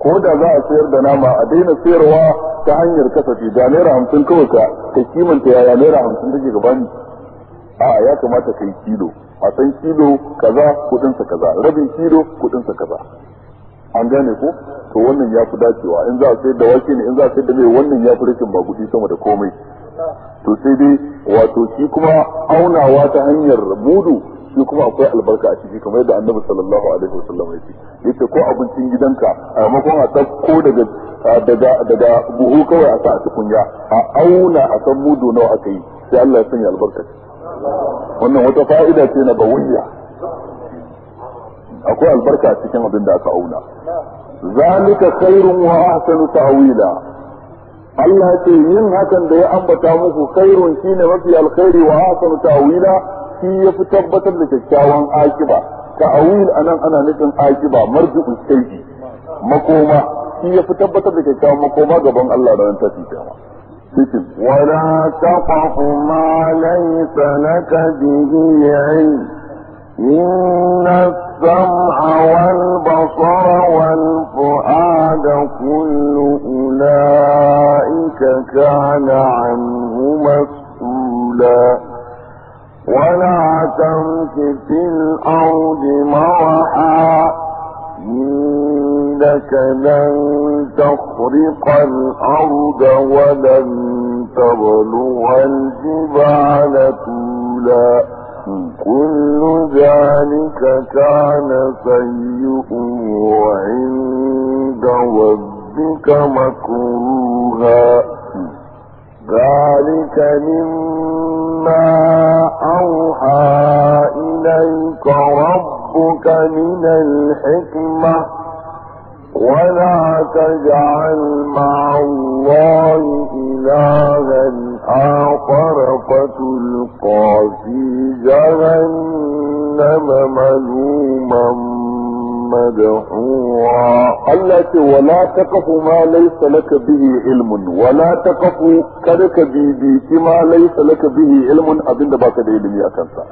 ko da za a sayar da nama a daina sayarwa ta hanyar kasafi Da naira hamsin kawai ka ka kimanta yaya naira hamsin take ni. a ya kamata kai kilo a san kilo kaza kudinsa kaza rabin kilo kudinsa kaza an gane ko to wannan ya fi dacewa in za a sayar da wake ne in za a sayar da mai wannan ya fi rashin bagudi sama da komai to sai dai wato shi kuma aunawa ta hanyar mudu shi kuma akwai albarka a ciki kamar yadda annabi sallallahu alaihi wasallam ya ce yace ko abincin gidanka a makon a ko daga daga daga buhu kawai a sa a ya a auna a san mudu nawa aka yi sai Allah ya sanya albarka wannan wata fa'ida ce na bawiya akwai albarka a cikin abin da aka auna zalika khairun wa ahsanu ta'wila Allah ce yin hakan da ya ambata muku khairun shine mafi alkhairi wa ahsanu ta'wila shi ya fi tabbatar da kyakkyawan akiba ka ta'awil anan ana nufin akiba marji'u shay'i makoma shi ya fi tabbatar da kyakkyawan makoma gaban Allah da ran tafi kiyama ولا تقف ما ليس لك به علم إن السمع والبصر والفؤاد كل أولئك كان عنه مسؤولا ولا تمش في الأرض مرحا إنك لن تخرق الأرض ولن تبلغ الجبال طولا كل ذلك كان سيئه عند ربك مكروها ذلك مما أوحى إليك ربك من الحكمة ولا تجعل مع الله إلها آخر فتلقى في جهنم ملوما مدحورا التي ولا تقف ما ليس لك به علم ولا تقف كرك بيبيك ما ليس لك به علم أبن باك دي علمي أكنسا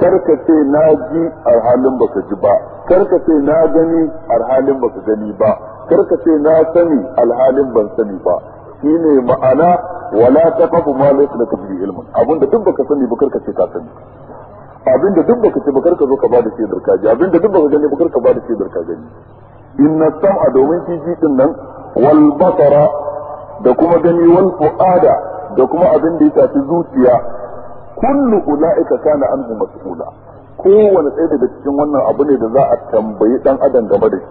karka ce na ji a halin baka ji ba karka ce na gani a halin baka gani ba karka ce na sani alhalin ban sani ba shine ma'ana wala taqafu ma laysa laka bi ilmun abinda duk baka sani ba karka ce ka sani abinda duk baka ce bakar ka zo ka bada shaidar ka ji abinda duk baka gani bakar ka bada shaidar ka gani inna sam'a domin shi din nan wal basara da kuma gani wal fuada da kuma abin da ya tafi zuciya kullu ulaika kana anhu mas'ula kowane ɗaya daga cikin wannan abu ne da za a tambayi dan adam game da shi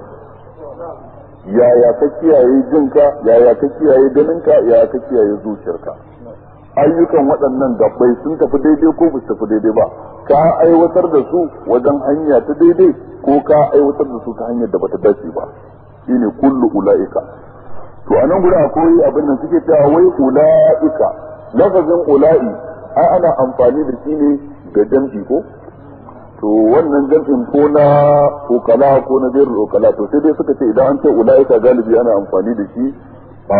yaya ka kiyaye jinka yaya ka kiyaye ganinka yaya ka kiyaye zuciyarka ayyukan waɗannan gabbai sun tafi daidai ko ba tafi daidai ba ka aiwatar da su wajen hanya ta daidai ko ka aiwatar da su ta hanyar da bata dace ba shine kullu ulaika to a nan guda akwai abin da suke cewa wai ulaika lafazin ula'i ai ana amfani da shi ne ga jam'i ko to wannan jam'in ko na ukala ko na zai ukala to sai dai suka ce idan an ce ulaika galibi ana amfani da shi a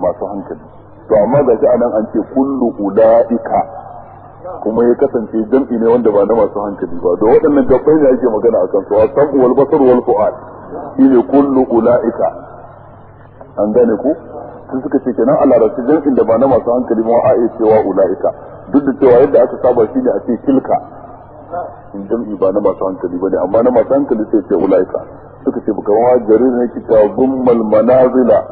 masu hankali to amma ga shi anan an ce kullu ulaika kuma ya kasance jam'i ne wanda ba na masu hankali ba da waɗannan gabbai ne ake magana akan su asan wal basar wal fu'ad shine kullu ulaika an gane ku sun suka ce kenan Allah rasu jam'in da ba na masu hankali ma a iya cewa ulaika duk da cewa yadda aka saba shine a ce tilka in jam'i ba na masu hankali bane amma na masu hankali sai ce ulaika suka ce baka ma jarir ne kitabun mal manazila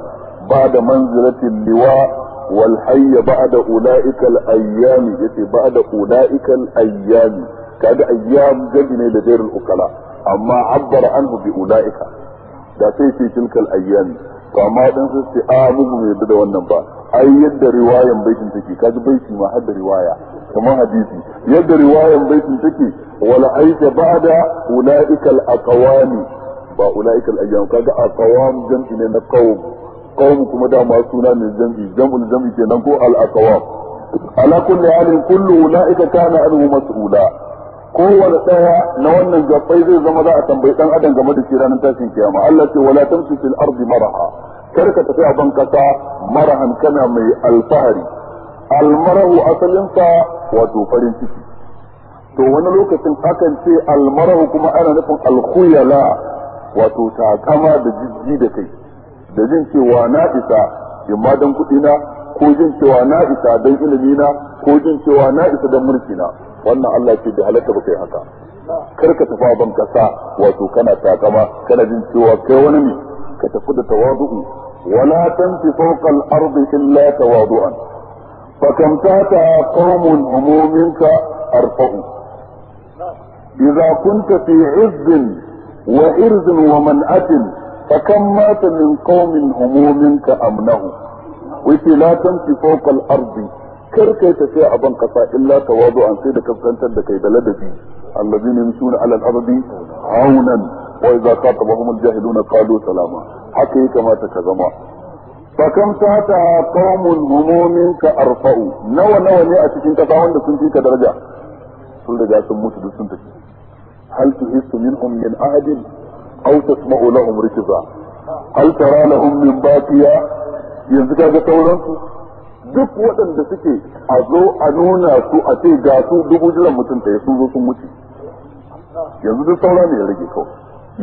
ba da manzilatin liwa wal hayya ba'da ulaika al ayyami yace ba'da ulaika al ayyami kaga ayyam gadi ne da zairul ukala amma abbara anhu bi ulaika da sai ce tilkal ayyami to amma dan sai ce a mugu mai da wannan ba ai yadda riwayan baitin take kaji baiti ma har da riwaya kamar hadisi yadda riwayan baitin take wala aika ba'da ulaika al aqwami ba ulaika al ayyam kaga aqwam jam'i ne na qawm mu kuma dama suna ne jam'i jam'ul jam'i kenan ko al aqwam ala kulli halin kullu ulaika kana anhu mas'ula kowane daya na wannan zafai zai zama za a tambayi ɗan adan game da shi ranar tashin kiyama Allah ce wala tamshi fil ardi maraha kar ka tafi a ban kasa marahan kana mai alfahari almarahu asalinsa wato farin ciki to wani lokacin akan ce almarahu kuma ana nufin alkhuyala wato takama da jijji da kai da jin cewa na isa in ma dan kuɗi na ko jin cewa na isa dan ilimi na ko jin cewa na isa da mulki na wannan Allah ce da halatta ba kai haka kar ka tafi ban kasa wato kana takama kana jin cewa kai wani ne ka tafi da tawadu'u wala tanfi fawqa al-ardi illa tawadu'an فكم تأتى قوم هم منك أرفع إذا كنت wa irzin wa ومنأة bakan kam mata min qaumin humumin ka amnahu wace la tamshi fawqa al-ardi kar kai tafiya a ban kasa illa tawadu'an sai da kaskantar da kai da ladabi allazina yamshuna ala al-ardi aunan salama haka ya kamata ka zama فكم تاتا قوم هموم كأرفأ نوى نوى نوى أتكين كفاهم لكم فيك درجة سلدة جاسم موت هل تهست منهم من أحد aw تسمع لهم ركزا هل ترى لهم من baqiya yanzu kaga sauran su duk waɗanda suke a zo a nuna su a ce ga su dubu jiran mutum ta sun zo sun mutu yanzu duk saura ne ya rage kawai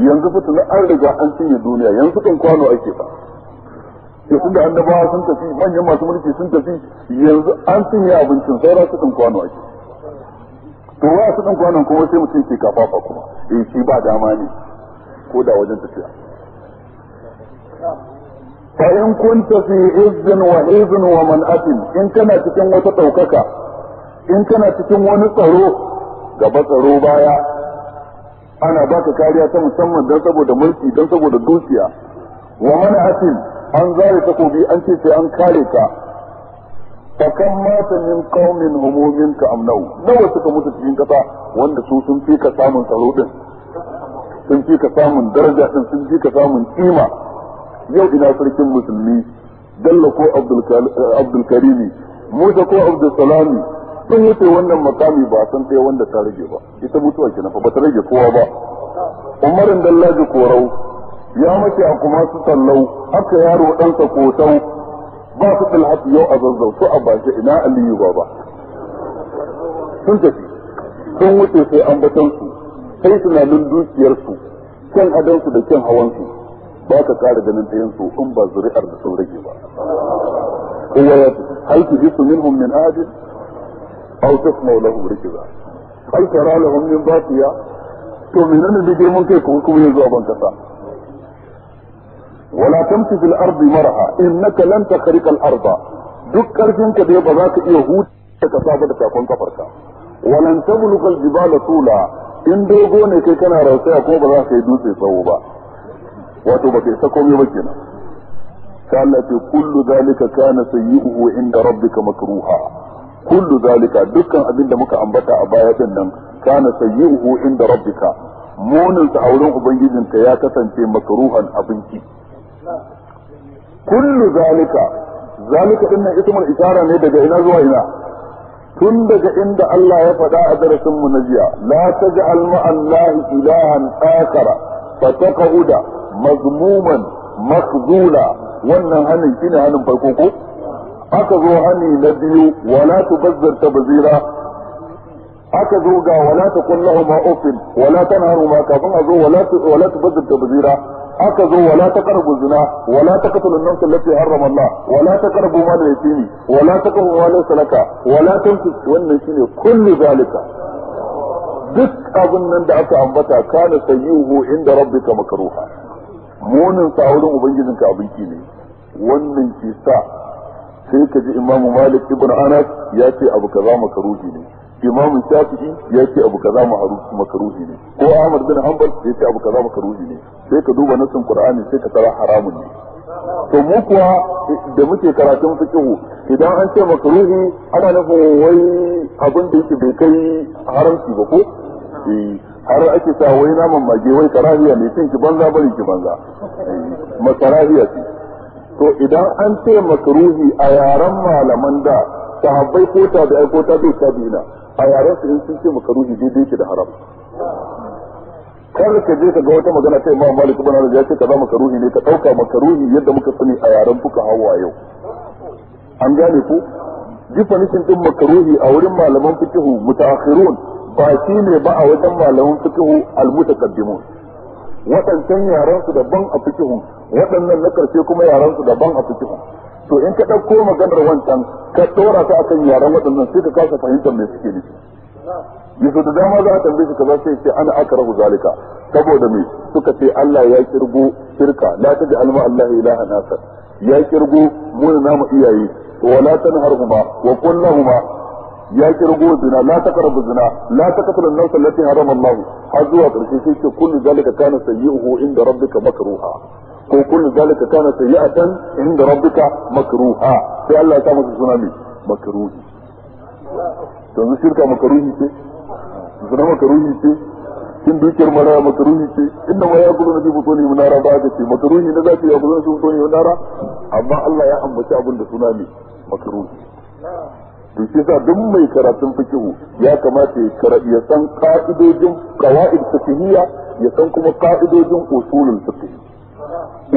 yanzu fitina an riga an cinye duniya yanzu kan kwano ake ba ke an daba sun tafi manyan masu mulki sun tafi yanzu an cinye abincin saura su kan kwano ake to wa su kan kwanon kuma sai mutum ke kafafa kuma eh shi ba dama ne ko da wajen tafiya fa in kunta fi izin wa izin wa man'atin in kana cikin wata ɗaukaka in kana cikin wani tsaro gaba tsaro baya ana baka kariya ta musamman don saboda mulki don saboda dukiya wa man'atin an zare takobi an ce sai an kare ka fakan mata min kaumin humumin ka amnau nawa suka mutu cikin kasa wanda su sun fi ka samun tsaro din sun fi ka samun daraja din sun fi ka samun kima yau ina sarkin musulmi dalla ko eh, abdul karimi musa ko abdul salami sun wuce wannan makami ba san ɗaya wanda ta rage ba ita mutuwa ke nafa ba ta rage kowa ba umarin dallaji korau ya mace a kuma su tallau haka yaro ɗansa kotau ba su ɗalhatu yau a zazzau su a bashi ina aliyu ba ba sun tafi sun wuce sai an su. sai tunanin dukiyarsu kyan adansu da kyan hawansu ba ka kara ganin ɗayansu in ba zuri'ar da sun rage ba kowa ya hal tu jisu minhum min adin aw tasma'u lahum rikza hal tara lahum min baqiya to menene da girman kai kuma kuma yanzu a ban kasa wala tamshi fil ardi maraha innaka lan takhriqa al arda duk karfin ka dai ba za ka iya huta ka saba da takon kafarka walan tabluqa al jibala tula in dogo ne kai kana rausaya kuma ba za ka yi dutse tsawo ba wato ba kai sako ba kenan ta Allah ce kullu zalika kana sayyi'uhu inda rabbika makruha kullu zalika dukkan abin da muka ambata a baya din nan kana sayyi'uhu inda rabbika munin sa auren ubangijinka ya kasance makruhan abinci kullu zalika zalika dinnan ismul isara ne daga ina zuwa ina tun daga inda Allah ya faɗa a darasin mu na jiya la taj'al ma'allahi ilahan akara fa taqauda mazmuman makhzula wannan hanin shine hanin farko ko aka zo hani na biyu wala tubazzir tabzira aka zo ga wala taqul lahum ma ufin wala tanharu ma kafin a zo wala wala tubazzir tabzira aka zo wala taqrabu zina wala taqtulu an-nafs allati harrama Allah wala taqrabu mal da yatim wala taqrabu mal salaka wala tanqis wannan shine kullu zalika duk abin nan da aka ambata kana sayyuhu inda rabbika makruha munin sa wurin ka abinci ne wannan ke sa sai ka ji imamu malik ibn anas ya ce abu kaza makaruhi ne imamu shafi'i ya ce abu kaza makruhi ne ko ahmad bin hanbal ya ce abu kaza makruhi ne sai ka duba nassin qur'ani sai ka tara haramun ne to mu kuwa da muke karatun fiqhu idan an ce makruhi ana nufin wai abin da yake bai kai haramci ba ko eh, har ake sa wai naman mage wai karahiya ne cin ki banza bari ki banza eh, makarahiya ce to idan an ce makruhi a yaren malaman da sahabbai ko da ko ta bai sabina a yaren su in sun ce makaruhi daidai ke da haram kar ka je ka ga wata magana ta imam malik ibn anas ya ce kaza makaruhi ne ka dauka makaruhi yadda muka sani a yaren fuka hawa yau an gane ku definition din makaruhi a wurin malaman fikihu mutaakhirun ba shi ne ba a wajen malaman fikihu almutaqaddimun waɗancan yaran su daban a fiqh waɗannan na karshe kuma yaran su daban a fiqh to in ka ɗauko maganar wancan ka ɗora ta akan yaran waɗannan sai ka kasa fahimtar me suke nufi yaso da dama za a tambaye shi kaza sai ce ana akrahu zalika saboda me suka ce Allah ya kirgo shirka la taji alma Allah ilaha nasa ya kirgo mun namu iyaye wala tanharhuma wa qul lahumu ya kirgo zina la taqrabu zina la taqtulu an-nafsa allati harama Allah har zuwa karshe sai ce kullu zalika kana sayyi'uhu inda rabbika makruha ko kullu zalika kana sayyi'atan inda rabbika makruha sai Allah ya sa masa suna ne makruhi yanzu shirka makruhi ce zina makruhi ce kin dukiyar mara makaruhi ce inda ma ya gudu na jibu toni munara ba ga ce makaruhi na zafi ya gudu na jibu toni munara amma Allah ya ambaci abun da suna ne makaruhi to shi za duk mai karatun fikihu ya kamata ya san ka'idojin qawaid fiqhiyya ya san kuma ka'idojin usulul fiqh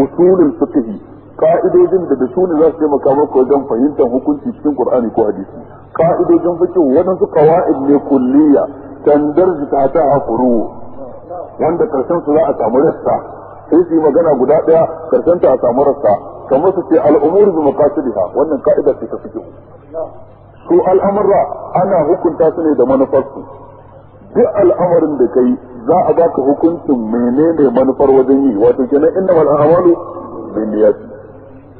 usulul fiqh ka'idojin da da su ne za su taimaka maka wajen fahimtar hukunci cikin qur'ani ko hadisi ka'idojin fiqh wadansu qawaid ne kulliya tandar zikata a furu wanda karshen su za a samu rasta sai su yi magana guda daya karshen ta a samu rasta kamar su ce al'umur bi maqasidiha wannan ka'ida ce ta fikihu su al'amurra ana hukunta su ne da manufarsu duk al'amarin da kai za a baka hukuncin menene manufar wajen yi wato kenan inna wal a'malu binniyat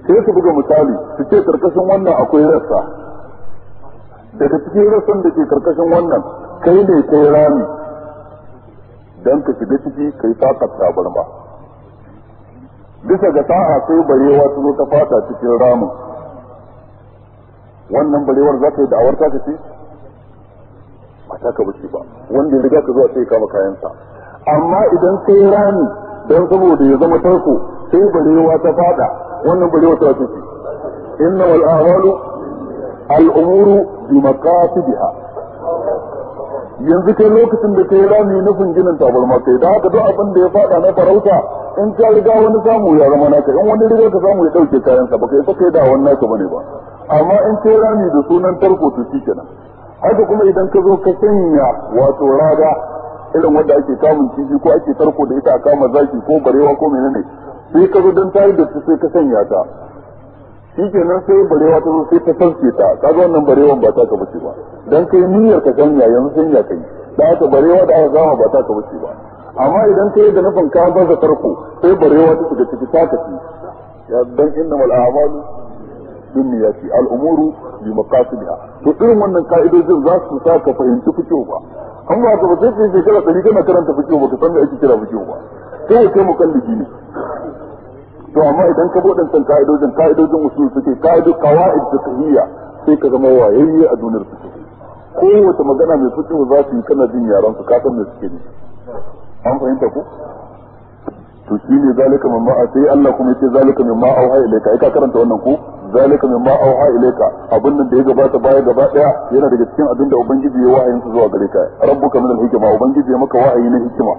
sai su buga misali su ce karkashin wannan akwai rassa daga cikin rassan da ke karkashin wannan kai ne kai rami dan ka shiga ciki kai fakar barba bisa ga sa'a sai barewa ta zo ta fata cikin ramin wannan barewar za ka yi da'awar ta ce a ta ka ba wanda riga ka zuwa sai ya kama kayansa amma idan sai rami don saboda ya zama tarko sai barewa ta fada wannan barewar ta ce inna wal ahwalu al umuru bi maqasidiha yanzu kai lokacin da kai rami nufin ginin tabarma kai da haka duk abin da ya fada na farauta in ka riga wani samu ya zama naka in wani riga ka samu ya dauke kayansa baka isa kai da wani naka bane ba amma in kai rami da sunan tarko to shi kenan haka kuma idan ka zo ka sanya wato rada irin wanda ake kamun kifi ko ake tarko da ita a kama zaki ko barewa ko menene sai ka zo don tare da su sai ka sanya ta shi kenan sai barewa ta zo sai ta sauke ta zo wannan barewan ba ta ka bace ba dan kai niyyar ka sanya yanzu sanya kai da haka barewa da aka gama ba ta ka bace ba amma idan ta yi da nufin ka ba zakar ku sai barewa ta shiga ciki ta tafi ya dan innamal a'malu ce al'umuru bi maqasidiha to irin wannan ka'idojin za su sa ka fahimci fito ba an ba ka ba sai kai shekara ɗari kana karanta fito ba ka san da ake kira fito ba sai kai mukallidi ne to amma idan ka buɗe san ka'idojin ka'idojin usul suke ka'idu qawaid fiqhiyya sai ka zama wayayye a duniyar fito kowace magana mai fikiyo za su yi kana jin yaran su ka san me suke ne an fahimta ku to shi ne zalika mimma sai Allah kuma yace zalika mimma auha ilayka ai ka karanta wannan ku zalika mimma auha ilayka abin nan da ya gabata baya gaba daya yana daga cikin abin da ubangiji ya wahayi su zuwa gare ka rabbuka min al-hikma ubangiji ya maka wahayi na hikima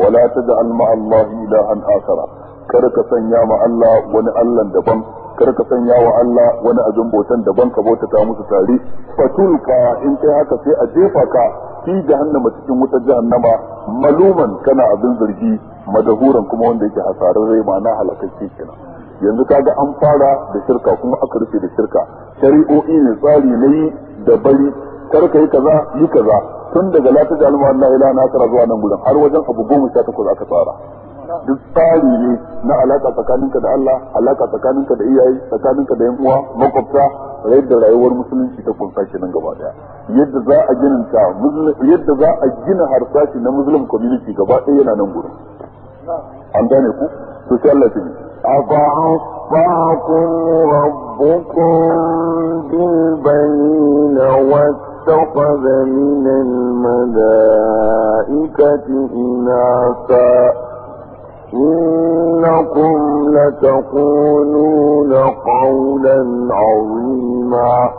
wala da ma Allah ilahan akhara kar ka sanya ma Allah wani allan daban kar ka sanya wa Allah wani abin bautan daban ka ta musu tare fatulka in kai haka sai a jefa ka fi jahannama cikin wutar jahannama maluman kana abin zargi madahuran kuma wanda yake hasararre ma'ana halakakke kenan yanzu kaga an fara da shirka kuma aka rufe da shirka shari'o'i ne tsari na yi da bari kar ka yi kaza yi kaza tun daga lati da alma Allah ila na zuwa nan gudan har wajen abu goma sha takwas aka tsara duk tsari ne na alaka tsakaninka da Allah alaka tsakaninka da iyaye tsakaninka da yan uwa makwabta yadda rayuwar musulunci ta kunsa nan gaba daya yadda za a gininta yadda za a gina harsashi na muslim community gaba daya yana nan gurin an gane ku to sai Allah ya أفأصفاكم ربكم بالبنين واتخذ من الملائكة إناثا إنكم لتقولون قولا عظيما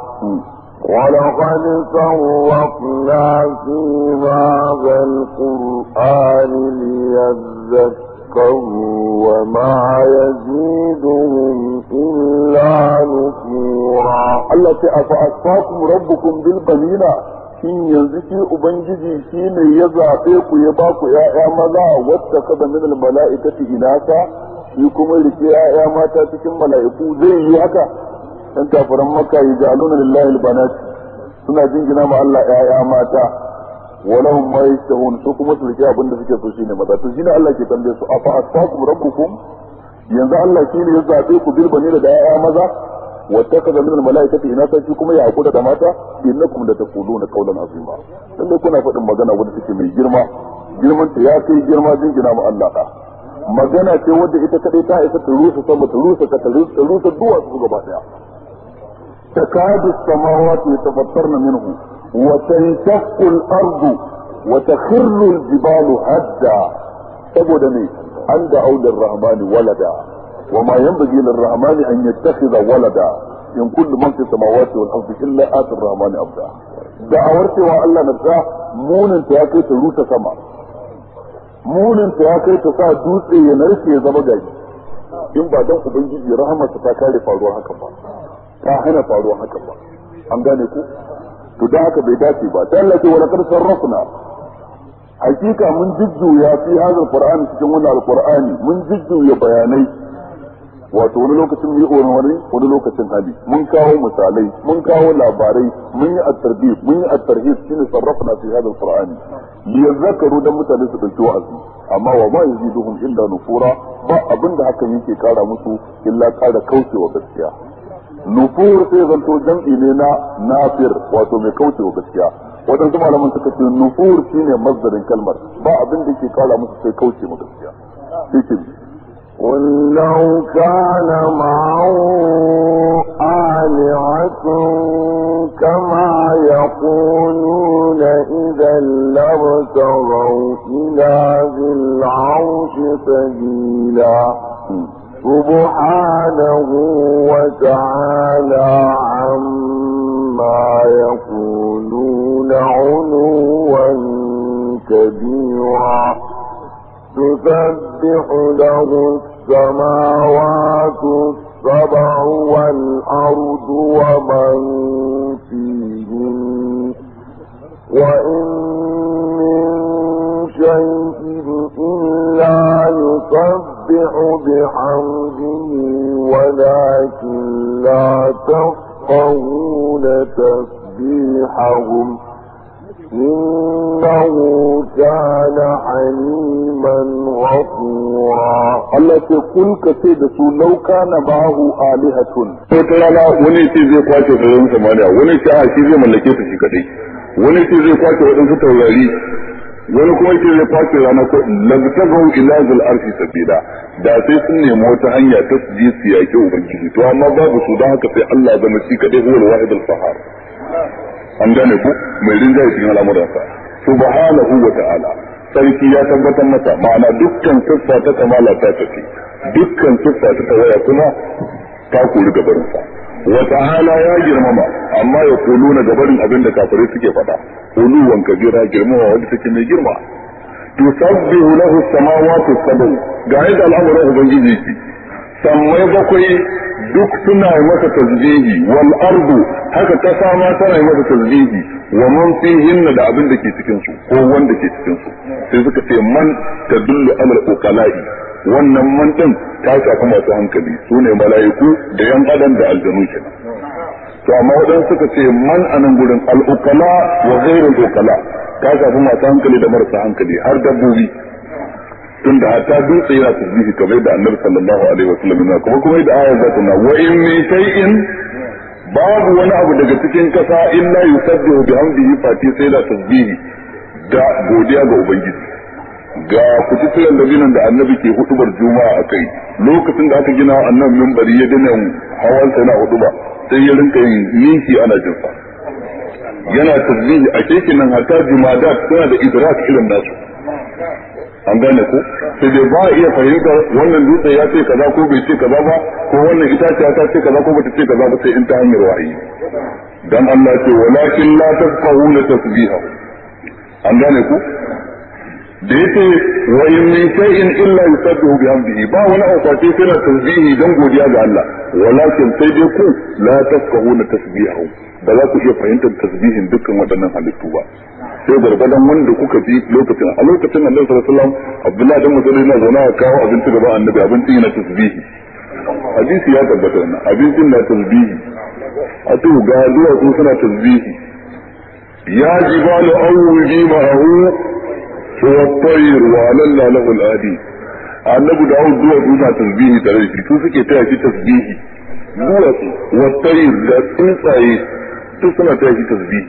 ولقد صرفنا في هذا القرآن ليذكروا وما يزيدهم إلا نفورا التي أفأصفاكم ربكم بالبنينة shin yanzu shi ubangiji shi ne ya zaɓe ku ya ba ku ‘ya'ya maza wata kada min mala'ikati inasa shi kuma rike ‘ya'ya mata cikin mala'iku zai yi haka ɗan kafiran maka yi jaluna lillahi banat suna jingina ma Allah ‘ya'ya mata walahum ma yashtahun su kuma su rike abin da suke so shine maza to shine Allah ke tambaye su afa ku rabbukum yanzu Allah shi ne ya zaɓe ku bilbani da ‘ya'ya maza wattakaza min ina inasa shi kuma ya hakura da mata innakum la taquluna qawlan azima lalle kuna faɗin magana wanda take mai girma girman ta ya kai girma jingina ma Allah da magana ce wadda ita kadai ta isa ta rusa sama ta rusa ka ta rusa rusa duwatsu gaba daya takadu samawati yatafattarna minhu wa tanshaqu al-ardu wa takhirru al-jibalu hadda saboda ne an da aulin rahmani walada وما ينبغي للرحمن أن يتخذ ولدا إن كل من في السماوات والأرض إلا آتي الرحمن أبدا da'awar cewa Allah na sa munin ya kai ta rusa sama munin ya kai ta sa dutse ya narke ya zama gari in ba dan ubangiji rahama ta kare faruwa hakan ba ta hana faruwa hakan ba an gane ku to da haka bai dace ba ta Allah ce wa hakika mun jujjuya fi cikin wannan alqur'ani mun jujjuya bayanai wato wani lokacin mu yi umarni wani lokacin hali mun kawo misalai mun kawo labarai mun yi at-tarbiyya mun yi at-tarhib shine sarrafa fi da al-qur'an li yadhakkaru dan mutane su dauki wa'azi amma wa ma yaziduhum illa nufura ba abinda hakan yake kara musu illa kara kaucewa gaskiya nufur sai zanto jam'i ne na nafir wato mai kaucewa gaskiya wadansu malaman suka ce nufur shine mazdarin kalmar ba abin da yake kara musu sai kauce wa gaskiya قل لو كان معه آلهة كما يقولون إذا لابتغوا إلى ذي العرش سبيلا سبحانه وتعالى عما يقولون علوا كبيرا تسبح له السماوات السبع والأرض ومن فيهن وإن من شيء إلا يسبح بحمده ولكن لا تفقهون تسبيحهم إنه كان حليما غفورا الله ce kun لو كان da su lauka na bahu alihatun sai ta rana سمانيا ce zai kwace sararin من wani ce a shi zai mallake su shi kadai wani taurari wani kuma ce zai kwace rana ko labtagahu ila arshi sabida da sai sun nemi wata hanya ta su je su yaƙi ubangiji to amma babu su don haka sai Allah zama shi kadai huwal wahidul fahar an gane ku mai rinjaye cikin al'amuransa subhanahu wa ta'ala sarki ya tabbatar mata. ma'ana dukkan siffa ta kamala ta tafi dukkan siffa ta tawaya kuma ta kori gabarinsa wa ta'ala ya girmama amma ya kulu na gabarin abin da kafirai suke faɗa uluwan kabira girmama wanda take mai girma tusabbihu lahu samawati as-sab'u ga yadda al'amuran ubangiji yake sammai bakwai duk suna yi masa tasbihi wal ardu haka ta sama tana yi masa tasbihi wa man fihinna da abin da ke cikin su ko wanda ke cikin su sai suka ce man tadullu alal uqala'i wannan man din ta shafi masu hankali sune mala'iku da yan adam da aljanu kenan to amma wadan suka ce man anan gurin al uqala wa ghairul uqala ta shafi masu hankali da marasa hankali har dabbobi tunda hatta dutse yana tasbihi kamar da annabi sallallahu alaihi sallam yana kuma kuma da ayar za ta na wa in min shay'in babu wani abu daga cikin kasa illa yusabbihu bihamdihi fati sai da tasbihi da godiya ga ubangiji ga ku kututturen da binan da annabi ke hudubar juma'a a kai lokacin da aka gina annabi mimbari ya hawan hawansa yana huduba sai ya rinka yin minki ana jinsa yana tasbihi a kekinan hatta da suna da idrak irin nasu an gane ko sai dai ba iya fahimta wannan dutse ya ce kaza ko bai ce kaza ba ko wannan itaciya ta ce kaza ko bata ce kaza ba sai in ta hanyar wa'ayi dan Allah ce walakin la tafqahuna tasbiha an gane ko da yake wa in min shay'in illa yusabbihu bihamdihi ba wani akwati sai na tasbihi dan godiya ga Allah walakin sai dai ku la tafqahuna tasbiha ba za ku iya fahimtar tasbihin dukkan waɗannan halittu ba sai gwargwadon wanda kuka bi lokacin a lokacin annabi sallallahu alaihi wasallam abdullahi dan musulmi na zauna a kawo abinci gaba annabi abincin yana tasbihi hadisi ya tabbata wannan abincin na tasbihi a to ga duwatsu suna tasbihi ya jibalu awwi ma'ahu wa tayr wa lalla lahu al-adi annabi da duwatsu suna tasbihi tare da shi su suke taya shi tasbihi duwatsu wa tayr da tsuntsaye duk suna taya shi tasbihi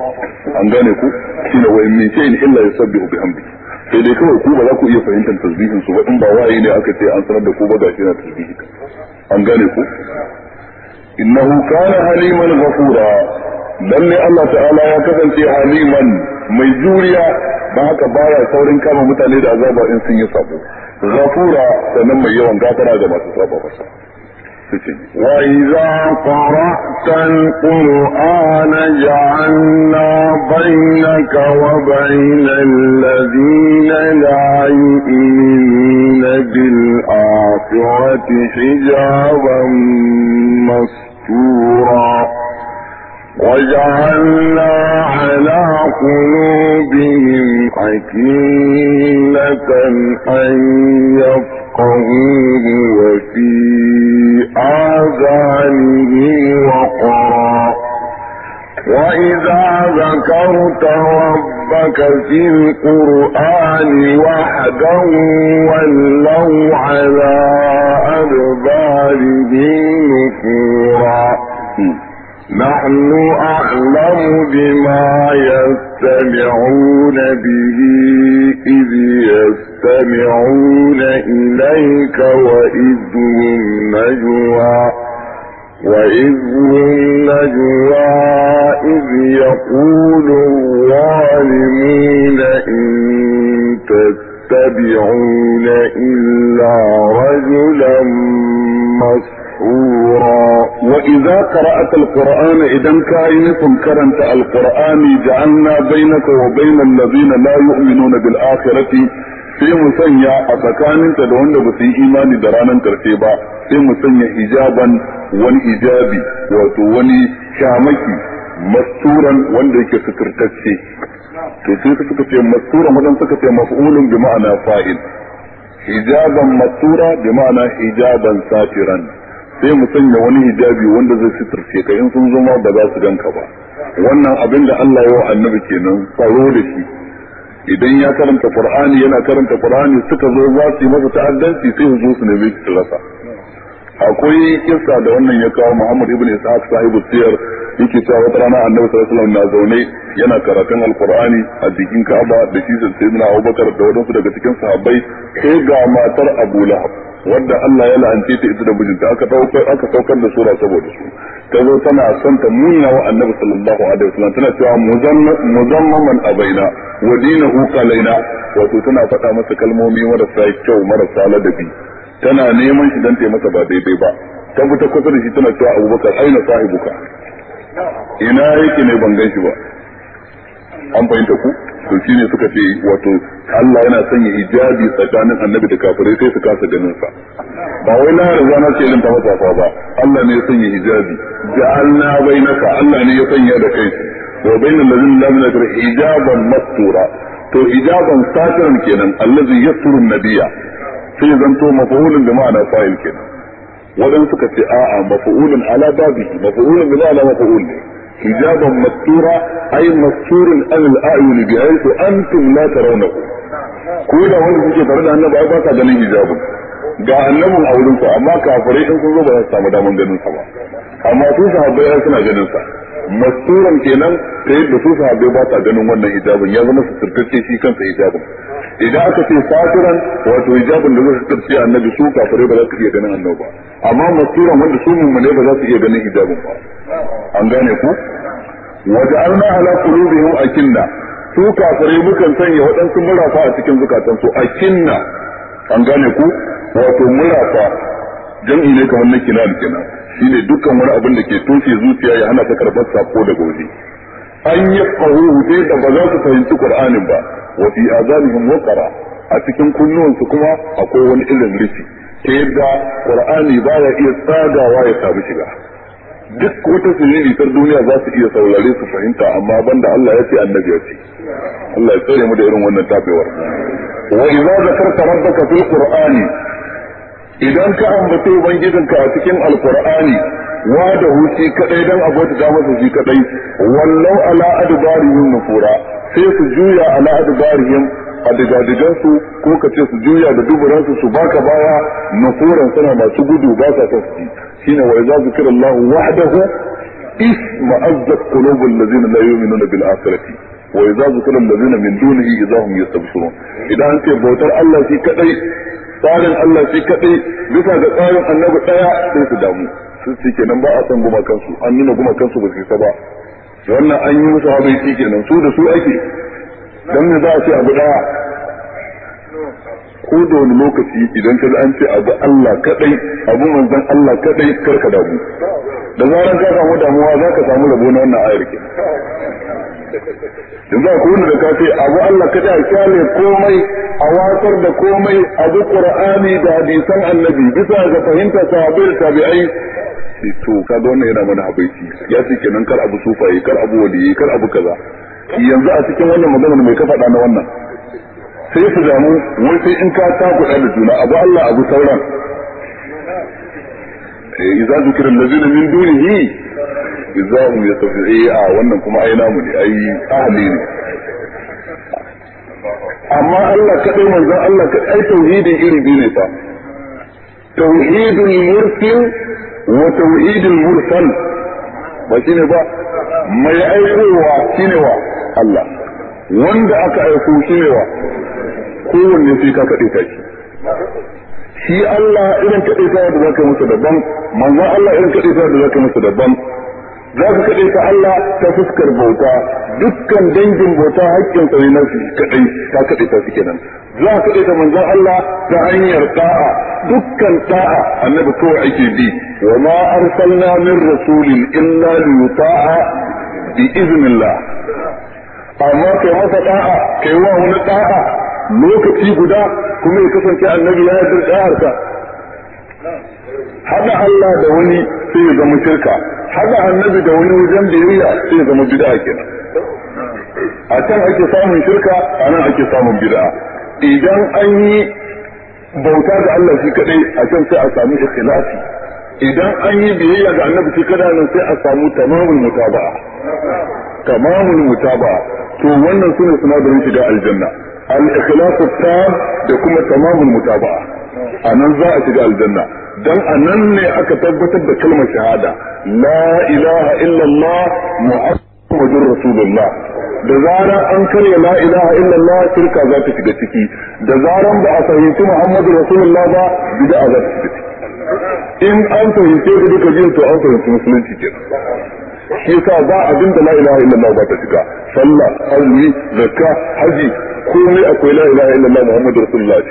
an gane ku shine wayan mince shay'in illa yusabbihu bihamdi sai dai kawai ku ba za ku iya fahimtar tasbihin su ba in ba waye ne aka ce an sanar da ku ba shi na tasbihi an gane ku innahu kana haliman ghafura ne Allah ta'ala ya kasance haliman mai juriya ba haka baya saurin kama mutane da azaba in sun yi sabo ghafura sannan mai yawan gafara ga masu ba وإذا قرأت القرآن جعلنا بينك وبين الذين لا يؤمنون بالآخرة حجابا مستورا وجعلنا على قلوبهم حكيمة أن يفقهوه وفيه آذانه وقرا وإذا ذكرت ربك في القرآن وحدا ولوا على أدبارهم نفورا نحن أعلم بما يسرون يستمعون به إذ يستمعون إليك وإذ هم نجوى وإذ هم نجوى إذ يقول الظالمون إن تتبعون إلا رجلا مصر طورا وإذا قرأت القرآن إذا كائنكم كرنت القرآن جعلنا بينك وبين الذين لا يؤمنون بالآخرة sai mu sanya a tsakaninta da wanda ba su yi imani da ranar karshe ba sai mu sanya hijaban wani hijabi wato wani shamaki masturan wanda yake suturtacce to sai suka hijaban mastura bi hijaban satiran sai mu sanya wani hijabi wanda zai sitirce ka in sun zo ma ba za su ganka ba wannan abin da Allah ya wa annabi kenan tsaro da shi idan ya karanta qur'ani yana karanta qur'ani suka zo za su yi masa ta'addanci sai su su nemi su rasa akwai kissa da wannan ya kawo Muhammad ibn Ishaq sahibu siyar yake cewa wata rana Annabi sallallahu alaihi wasallam na zaune yana karatun Alqur'ani a jikin Ka'aba da shi da Sayyidina Abubakar da wadansu daga cikin sahabbai sai ga matar Abu Lahab wanda Allah ya la'ance ta ita da mijinta aka daukar aka saukar da sura saboda su ta zo tana son ta munna wa annabi sallallahu alaihi wasallam tana cewa muzammaman abaina wa dinahu qalaina wato tana faɗa masa kalmomi marasa kyau marasa ladabi tana neman shi dan ta masa ba daidai ba ta kusa da shi tana cewa abubakar aina sahibuka ina yake ne ban gan shi ba an fahimta ku to ne suka ce wato Allah yana sanya ijabi tsakanin annabi da kafirai sai su kasa ganin sa ba wai la razana ce irin ta matsafa ba Allah ne ya sanya ijabi. da hijabi ja'alna bainaka Allah ne ya sanya da kai wa bainal ladzina lam nakra hijaban mastura to hijaban satiran kenan allazi yasturu nabiya. sai zanto mafa'ulun da ma'ana fa'il kenan wadan suka ce a'a mafa'ulun ala babi mafa'ulun bi ma'ana mafa'ul ne hijaban مستورا اي مستور an الاعين ayun انتم لا ترونه كل tarawnahu ko da wanda kuke tare da annabi ba ganin ga annabin a wurinsa amma kafirai in sun zo ba za su samu daman ganin sa ba amma su sahabbai suna ganin sa masturan kenan ta yadda su sahabbai ba ta ganin wannan hijabin ya zama su sirkace shi kansa hijabin idan aka ce satiran wato hijabin da zai tafi annabi su kafare ba za su iya ganin annabi ba amma masura wanda su ne ba za su iya ganin hijabin ba an gane ku waja'alna ala qulubihim akinna su kafare mukan sanya waɗansu murafa a cikin zukatan su akinna an gane ku wato murafa jam'i ne kamar na kinan kenan shine dukkan wani abin da ke toshe zuciya ya hana ta karɓar sako da gobe an yi ƙahuhu sai da ba za su fahimci Qur'anin ba wa fi azanihim wakara a cikin kunnuwansu kuma akwai wani irin rufi ta yadda qur'ani baya iya tsagawa ya samu shiga duk wata sirri ta duniya za su iya saurare su fahimta amma banda Allah ya ce annabi ya ce Allah ya tsare mu da irin wannan tafewar wa idza zakarta rabbaka fil qur'ani idan ka ambace ubangijinka a cikin alqur'ani wa da huci kadai dan abota ta masa shi kadai wallau ala min nufura sai su juya ala adbarihim a digadigansu ko ka ce su juya da duburansu su baka baya nufuran suna masu gudu ba sa son su shine wa idza zikra Allah wahdahu isma azzat qulubul ladina la yu'minuna bil akhirati wa idza zikra alladhina min dunihi idza hum yastabshirun idan ce bautar Allah shi kadai tsarin Allah shi kadai bisa ga tsarin annabi daya sai su damu su ce kenan ba a san goma kansu. an nuna goma kansu ba su ba wannan an yi musu habaiti kenan su da su ake don me za a ce abu daya ko da wani lokaci idan ka an ce abu Allah kadai abu manzon Allah kadai karka damu da zaran ka samu damuwa za ka samu rabo na wannan ayar kenan yanzu akwai wanda da ka ce abu Allah kada a kyale komai a watsar da komai a duk Qur'ani da hadisan Annabi bisa ga fahimta sahabbai da tabi'ai to ga wannan yana mana habaici ya ce kenan kar abu sufaye kar abu waliyi kar abu kaza yanzu a cikin wannan maganar mai ka faɗa na wannan sai su damu wai sai in ka ta takuɗa da juna abu Allah abu sauran إذا ذكر الذين من دونه ya yastafii a wannan kuma ai namu ne ai ahli ne amma Allah kadai manzo Allah kadai ai tauhidin iri biyu ne fa tauhidul mursil wa tauhidul mursal ba shine ba mai aikowa shine wa Allah wanda aka aiko shine wa kowanne sai ka kadai ta shi Allah irin kaɗai sai da zaka masa daban manzo Allah irin kaɗai sai da zaka masa daban za su kaɗe ta Allah ta fuskar bauta dukkan dangin bauta haƙƙin tsare na kaɗai ta kaɗe ta su kenan za ka kaɗe ta manzon Allah ta hanyar ta'a dukkan ta'a annabi kawai ake bi wa ma arsalna min rasulin illa li yuta'a bi iznillah amma kai masa ta'a kai wa wani ta'a lokaci guda kuma ya kasance annabi ya yarda Haɗa hada Allah da wani sai ya zama shirka haɗa annabi da wani wajen biyayya sai zama bid'a kenan a can ake samun shirka a nan ake samun bid'a idan an yi bauta ga Allah shi kadai a can sai a samu ikhlasi idan an yi biyayya ga annabi shi kadai nan sai a samu tamamul mutaba'a tamamul mutaba'a to wannan sune sinadarin shiga aljanna al-ikhlasu da kuma tamamul mutaba'a anan za a shiga aljanna don a nan ne aka tabbatar da kalmar shahada la ilaha illallah muhammadur rasulullah da zarar an karya la ilaha illallah shirka za ta shiga ciki da zarar ba a fahimci muhammadur rasulullah ba bid'a za ta shiga ciki in an fahimce da duka jin to an fahimci musulunci kenan shi yasa ba abin da la ilaha illallah ba ta shiga sallah azumi zakka haji komai akwai la ilaha illallah muhammadur rasulullah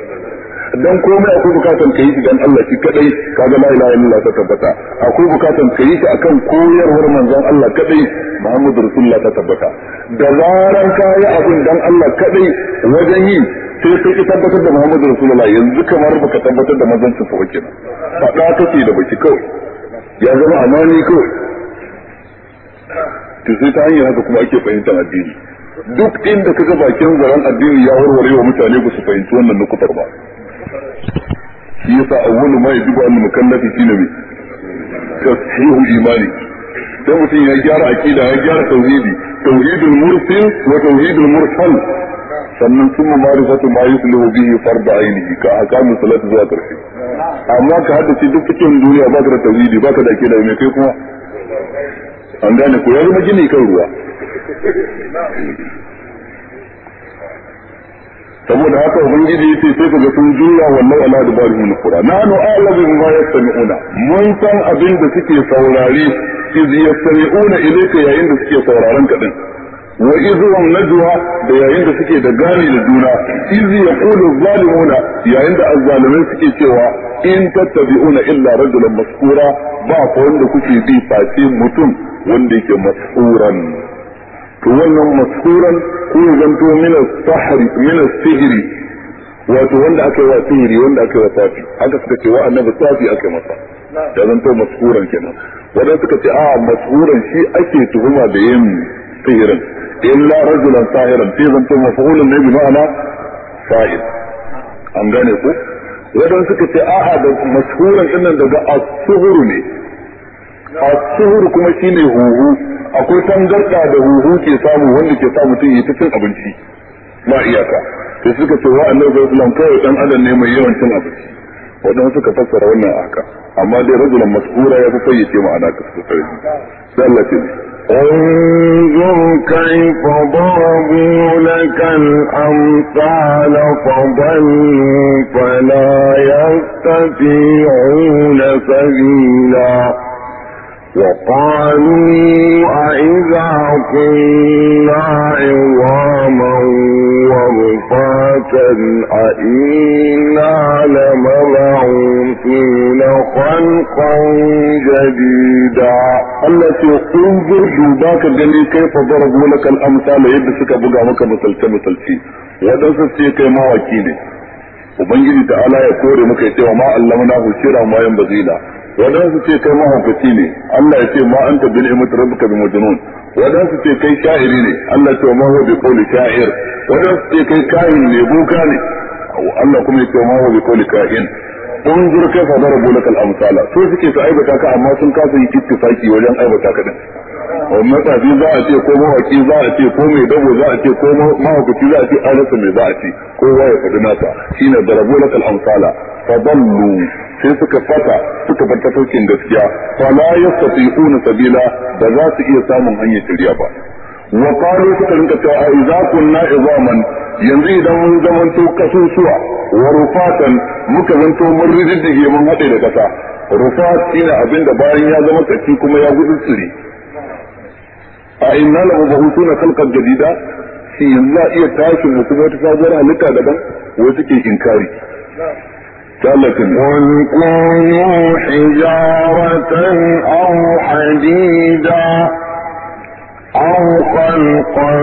dan komai akwai bukatan kai shi dan Allah shi kadai kaga la ilaha illallah ta tabbata akwai bukatan kai shi akan koyarwar manzon Allah kadai Muhammadu Rasulullah ta tabbata da zaran kai abin dan Allah kadai wajen yi sai sai ki tabbatar da Muhammadu Rasulullah yanzu kamar baka tabbatar da manzon sa ba kenan fada kake da baki kawai ya zama amani kawai to sai ta hanyar haka kuma ake fahimtar addini duk inda kaga bakin zaren addini ya warware wa mutane ba su fahimci wannan nukutar ba shi yasa awwalu ma yajibu an mukallafi ne mai tashihu imani dan mutum ya gyara akida ya gyara tauhidi tauhidul mursil wa tauhidul mursal sannan kuma ma'rifatu ma yuslihu bihi farda ainihi ka aqamu salatu zuwa karfi amma ka haddace duk cikin duniya ba ka da tauhidi ka da akida ne kai kuma an gane ko ya zama gini kan ruwa saboda haka ubangiji yace sai kaga sun juya wallahi ala dubarihim qura nanu a'lamu bima yastami'una mun san abin da suke saurare iz yastami'una ilayka yayin da suke sauraron ka din wa izhum najwa da yayin da suke da gani da juna iz yaqulu zalimuna yayin da azzalimin suke cewa in tattabi'una illa rajulan maskura ba ko wanda kuke bi face mutum wanda yake mas'uran to wannan maskuran ko ya zanto min as-sahri min as-sihri wato wanda aka yi wa sihiri wanda aka yi wa safi haka suka ce wa annabi safi aka masa ya zanto maskuran kenan wadanda suka ce a maskuran shi ake tuhuma da yin sihirin illa rajulan sahiran sai zanto mafulun ne bi ma'ana sahir an gane ko wadanda suka ce a'a da maskuran dinnan daga as-suhru ne as-suhru kuma shine huhu akwai tangarda da huhu ke samu wanda ke sa mutum yi ta cin abinci ba iyaka sai suka ce wa annabi sallallahu alaihi wasallam kawai dan adam ne mai yawan cin abinci wadanda suka fassara wannan aka amma dai rajulan mas'ura ya fi fayyace ma'ana ka sosai sai Allah ce انظر كيف ضربوا لك الأمثال فضلوا فلا يستطيعون سبيلا وقالوا أئذا كنا عظاما ورفاتا أئنا لمبعوثين خلقا جديدا التي انظر دوباك جني كيف ضربوا لك الأمثال يد سكا بقى مكا مثلت مثلتي ودرس السيكي ما وكيني وبنجي تعالى يقول مكا يتوى ما علمناه سيرا ما ينبغي له wadan su ce kai mahaukaci ne Allah ya ce ma an anta bi ni'mat bi bimajnun wadan su ce kai sha'iri ne Allah ya ce ma huwa bi qawli sha'ir wadan su ce kai kahin ne boka ne Allah kuma ya ce ma huwa bi qawli kahin unzur kaifa darabu lakal amsala to suke su aibata ka amma sun kasa yi ittifaki wajen aibata ka din matsafi za a ce ko mawaki za a ce ko mai dabo za a ce ko mahaukaci za a ce an mai za a ce ko ya faɗi nasa shine darabu lakal amsala fadallu sai suka fata suka bar saukin gaskiya fala yastati'una sabila ba za su iya samun hanyar shirya ba wa qalu suka rinka cewa a idza kunna izaman yanzu idan mun zamanto kasusuwa wa rufatan muka zanto mun rijiddige mun haɗe da kasa rufat shine abinda bayan ya zama kaci kuma ya gudu tsiri a inna lahu mahusuna khalqan jadida shi yanzu za iya tashin mu kuma wata sabuwar halitta daban wai suke inkari قل كونوا حجارة أو حديدا أو خلقا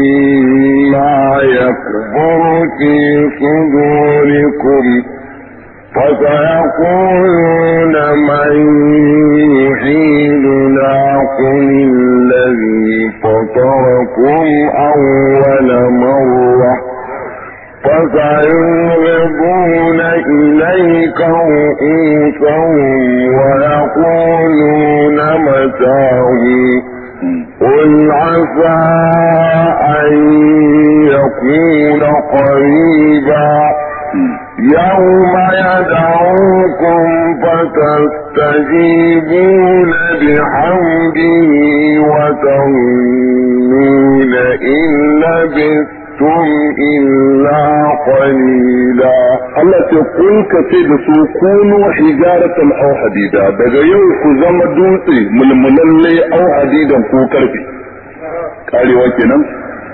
مما يكبر في صدوركم فسيقولون من يحيي فراقم الذي فطركم أول مرة فسينغضون إليك رؤوسهم ويقولون متاهوا قل عسى أن يكون قريبا يوم يدعوكم فتسألون تستجيبون بحمده وتظنون إن لبثتم إلا قليلا الله تقول كتب سوكونوا حجارة أو حديدا بقى يوكو زمدوتي من منلي أو حديدا فوكرتي قالي وكنا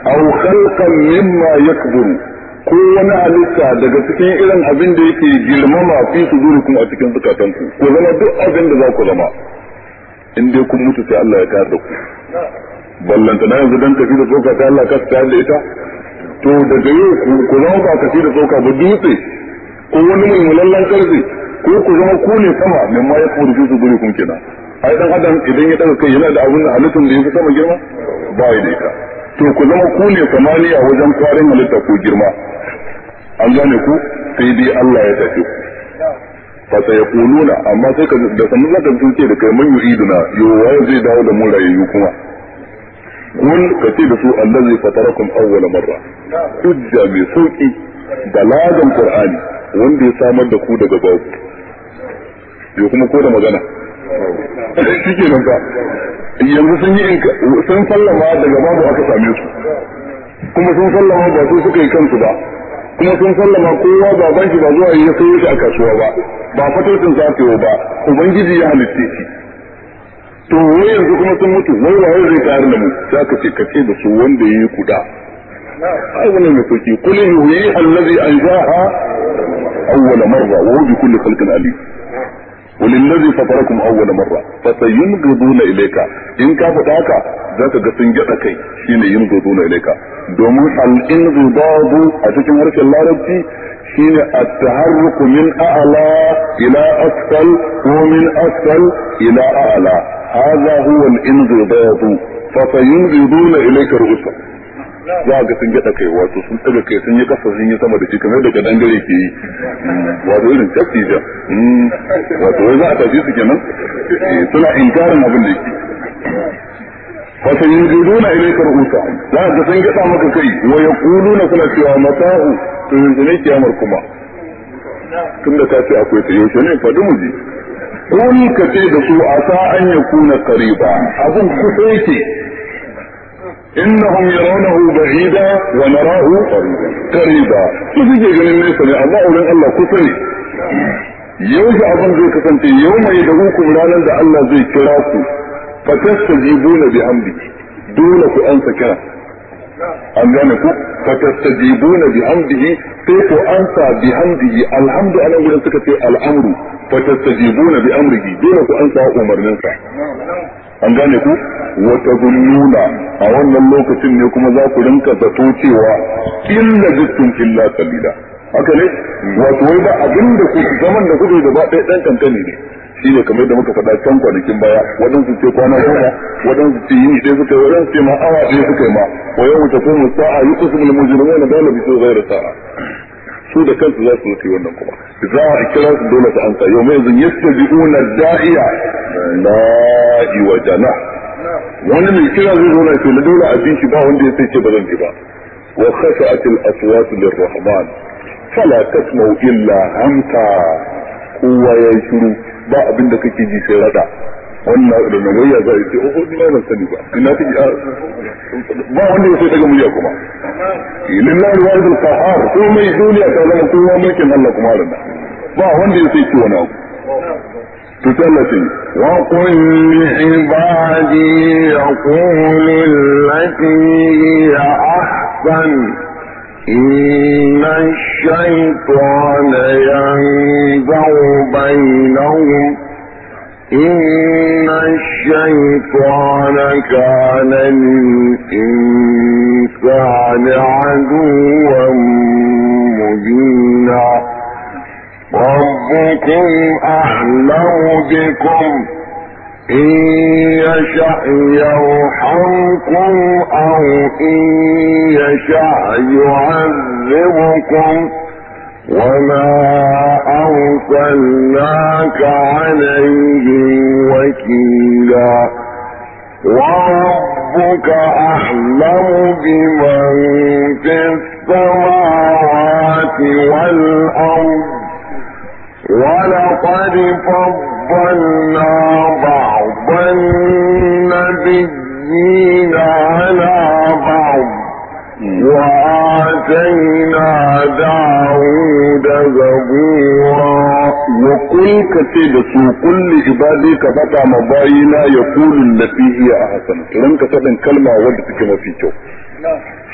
أو خلقا مما يكبر ko wani halitta daga cikin irin abin da yake girmama fi su zuri kuma a cikin zukatanku ko zama duk abin da za ku zama in dai kun mutu sai Allah ya da ku ballanta na yanzu don tafi da tsoka ta Allah kasu tsaya da ita to daga yau ku zama ba tafi da tsoka ba dutse ko wani mai mulallan karfe, ko ku zama ku ne sama min ma ya da fi sudurikum kenan ai dan adam idan ya daga kai yana da abin halittun da ya fi sama girma ba ya da ita to ku zama ku ne samaniya wajen kwarin halitta ko girma an gane ku sai dai Allah ya tafi fa kuluna amma sai ka da sanin zaka ce da kai man yuriduna yo waye zai dawo da mu rayuwa kuma kun ka ce da su allazi fatarakum awwala marra hujja mai sauki balagan qur'ani wanda ya samar da ku daga babu yo kuma ko da magana shi kenan ka yanzu sun yi sun sallama daga babu aka same su kuma sun sallama ba su suka yi kansu ba kuma sun sallama kowa ba shi ba zuwa yi sayo shi a kasuwa ba ba sun safiyo ba ubangiji ya halitta shi to wai yanzu kuma sun mutu wai wai zai tare da mu za ka ce ka ce da su wanda ya yi kuda ai wannan ne sauki kulli yuhyi allazi anzaha awwal marra wa huwa bi kulli khalqin alim وللذي فطركم اول مره فسينغضون اليك ان ka faɗa haka zaka ga sun gyada kai shine yinghضون ilaika domin al inghidadu a cikin harshen larabci shine at-taharruk min a'la ila asfal ko min asfal ila a'la اليك رؤوسهم za ga sun gyaɗa kai wato sun ɗaga kai sun yi ƙasa sun yi sama da shi kamar daga dangare ke yi wato irin tafi da hmm, wato wai za a tafi su kenan eh, suna inkarin abin da yake فسينزلون maka kai. Waya تسنجد عمك كي cewa سنة يا متاه تنزليك kuma tun tunda ta ce akwai ta yaushe ne faɗi mu ji ni ka ce da su a sa an ya kuna kariba abin kusa yake innahum yarawnahu ba'ida wa narahu qariba su suke ganin nesa ne amma wurin Allah kusa ne yau da abin zai kasance yau mai da hukum ranar da Allah zai kira ku fatastajibuna bi amri dole ku ansa kira an gane ku fatastajibuna bi amdihi sai ku ansa bi amdihi alhamdu ana gurin suka ce al'amru fatastajibuna bi amrihi dole ku ansa umarninsa an gane ku wata gunnuna a wannan lokacin ne kuma za ku rinka zato cewa illa zittum illa qalila haka ne wato wai ba abin da ku zaman da kuke ba ɗaya ɗan kankani ne shi ne kamar da muka faɗa can kwanakin baya waɗansu ce kwana goma waɗansu ce yini ɗaya suka yi waɗansu ce ma awa ɗaya suka yi ma wa yau ta kuma sa'a yi kusurmul wani dole bi zai da sa'a su da kansu za su zo su yi wannan kuma za a kira su dole su amsa yau mai yanzu yastabi'una da'iya la iwajana wani mai kira zai zo na ce na dole a bi shi ba wanda ya sai ce ba zan ji ba wa khasha'atil aswatu lirrahman fala tasma'u illa hamta kowa ya shiru ba abin da kake ji sai rada wannan da mai wayya zai ce oh, oh ni ban sani ba ina take a ah, ba wanda ya sai daga murya kuma lillahi al-wahidul qahhar ko mai duniya ta zama kowa mulkin Allah kuma da. ba wanda ya sai ciwo na to sai Allah sai wa qul li ibadi yaqulu allati ya ahsan إن الشيطان ينزع بينهم إن الشيطان كان الإنسان عدوا مبينا ربكم أعلم بكم إن يشأ يرحمكم أو إن يشأ يعذبكم وما أرسلناك عليهم وكيلا وربك أعلم بمن في السماوات والأرض ولقد فضلنا بعض النبيين على بعض وآتينا داود زبورا وقل كتب سو كل عبادي كفتا مباينا يقول النبي هي أحسن لن كتبن كلمة وجد كما في جو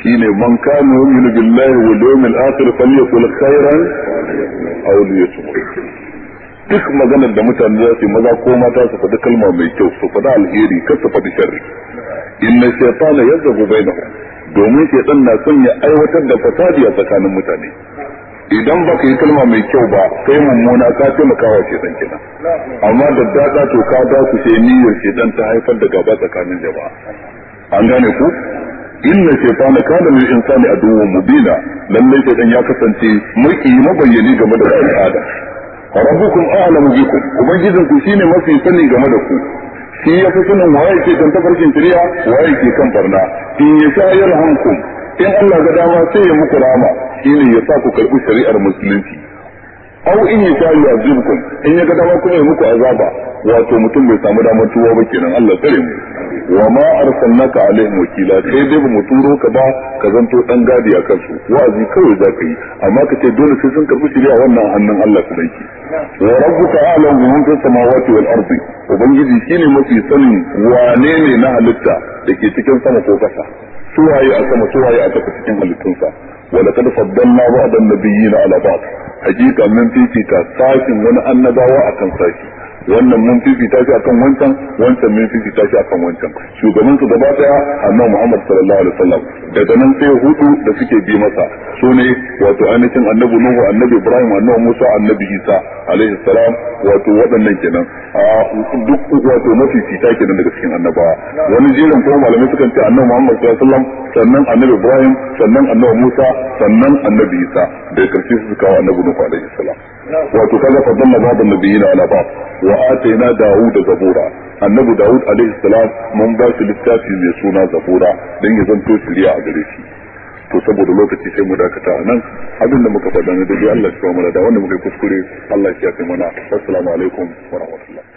حين من كان يؤمن بالله واليوم الآخر فليقل خيرا أو ليتمر duk maganar da mutane za su maza ko mata su faɗi kalma mai kyau su faɗi alheri kar su faɗi sharri inna shaytana yazghu bainahum domin shaytan na son ya aiwatar da fasadi a tsakanin mutane idan ba ka yi kalma mai kyau ba kai mummuna ka taimaka wa dan kina. amma da dada to ka da ku sai niyyar dan ta haifar da gaba tsakanin jama'a an gane ku inna shaytana kana min insani aduwwun mubina lalle dan ya kasance mulki mabayyani game da al'ada adam rabbukum a'lamu bikum ubangijin ku shine mafi sani game da ku shi ya fi sanin waye ke kan tafarkin shari'a waye ke kan barna in ya sa yarhamkum in Allah ga dama sai ya muku rama shine ya sa ku karbi shari'ar musulunci au in a yu'azibkum in ya ga dama ne muku azaba wato mutum bai samu damar tuwa ba kenan Allah tsare mu wa ma arsalnaka alaihim wakila sai dai ba mu turo ka ba ka zanto dan gadi a kansu wa'azi kawai za ka yi amma ka ce dole sai sun karbi shirya wannan hannun Allah su danki wa rabbuka a'lamu bi man fis samawati wal ardi ubangiji shine mafi sanin wane ne na halitta dake cikin sama ko kasa suwaye a sama suwaye a kasa cikin halittunsa ولقد فضلنا بعض النبيين على بعض حقيقة من فيفيتا ساكن وانا النباوة اكن ساكن wannan mun fifita shi akan wancan wancan mun fifita shi akan wancan shugaban su gaba daya annabi Muhammad sallallahu alaihi wasallam daga nan sai hudu da suke bi masa su ne wato ainihin annabi Nuhu annabi Ibrahim annabi Musa annabi Isa alaihi salam wato waɗannan kenan a duk wato kenan daga cikin annabawa wani jerin kuma malamai sukan ce annabi Muhammad sallallahu alaihi wasallam sannan annabi Ibrahim sannan annabi Musa sannan annabi Isa da karshe su kawo annabi Nuhu alaihi salam wato kaga dalla na dalla bihi ala ba wa atayna daud zabura annabi daud alayhi salam mun ba shi littafi mai suna zabura dan ya zanto shiriya a gare shi to saboda lokaci sai mu dakata a nan abin da muka faɗa ne da Allah ya kawo da wanda muka kuskure Allah ya kai mana assalamu alaikum wa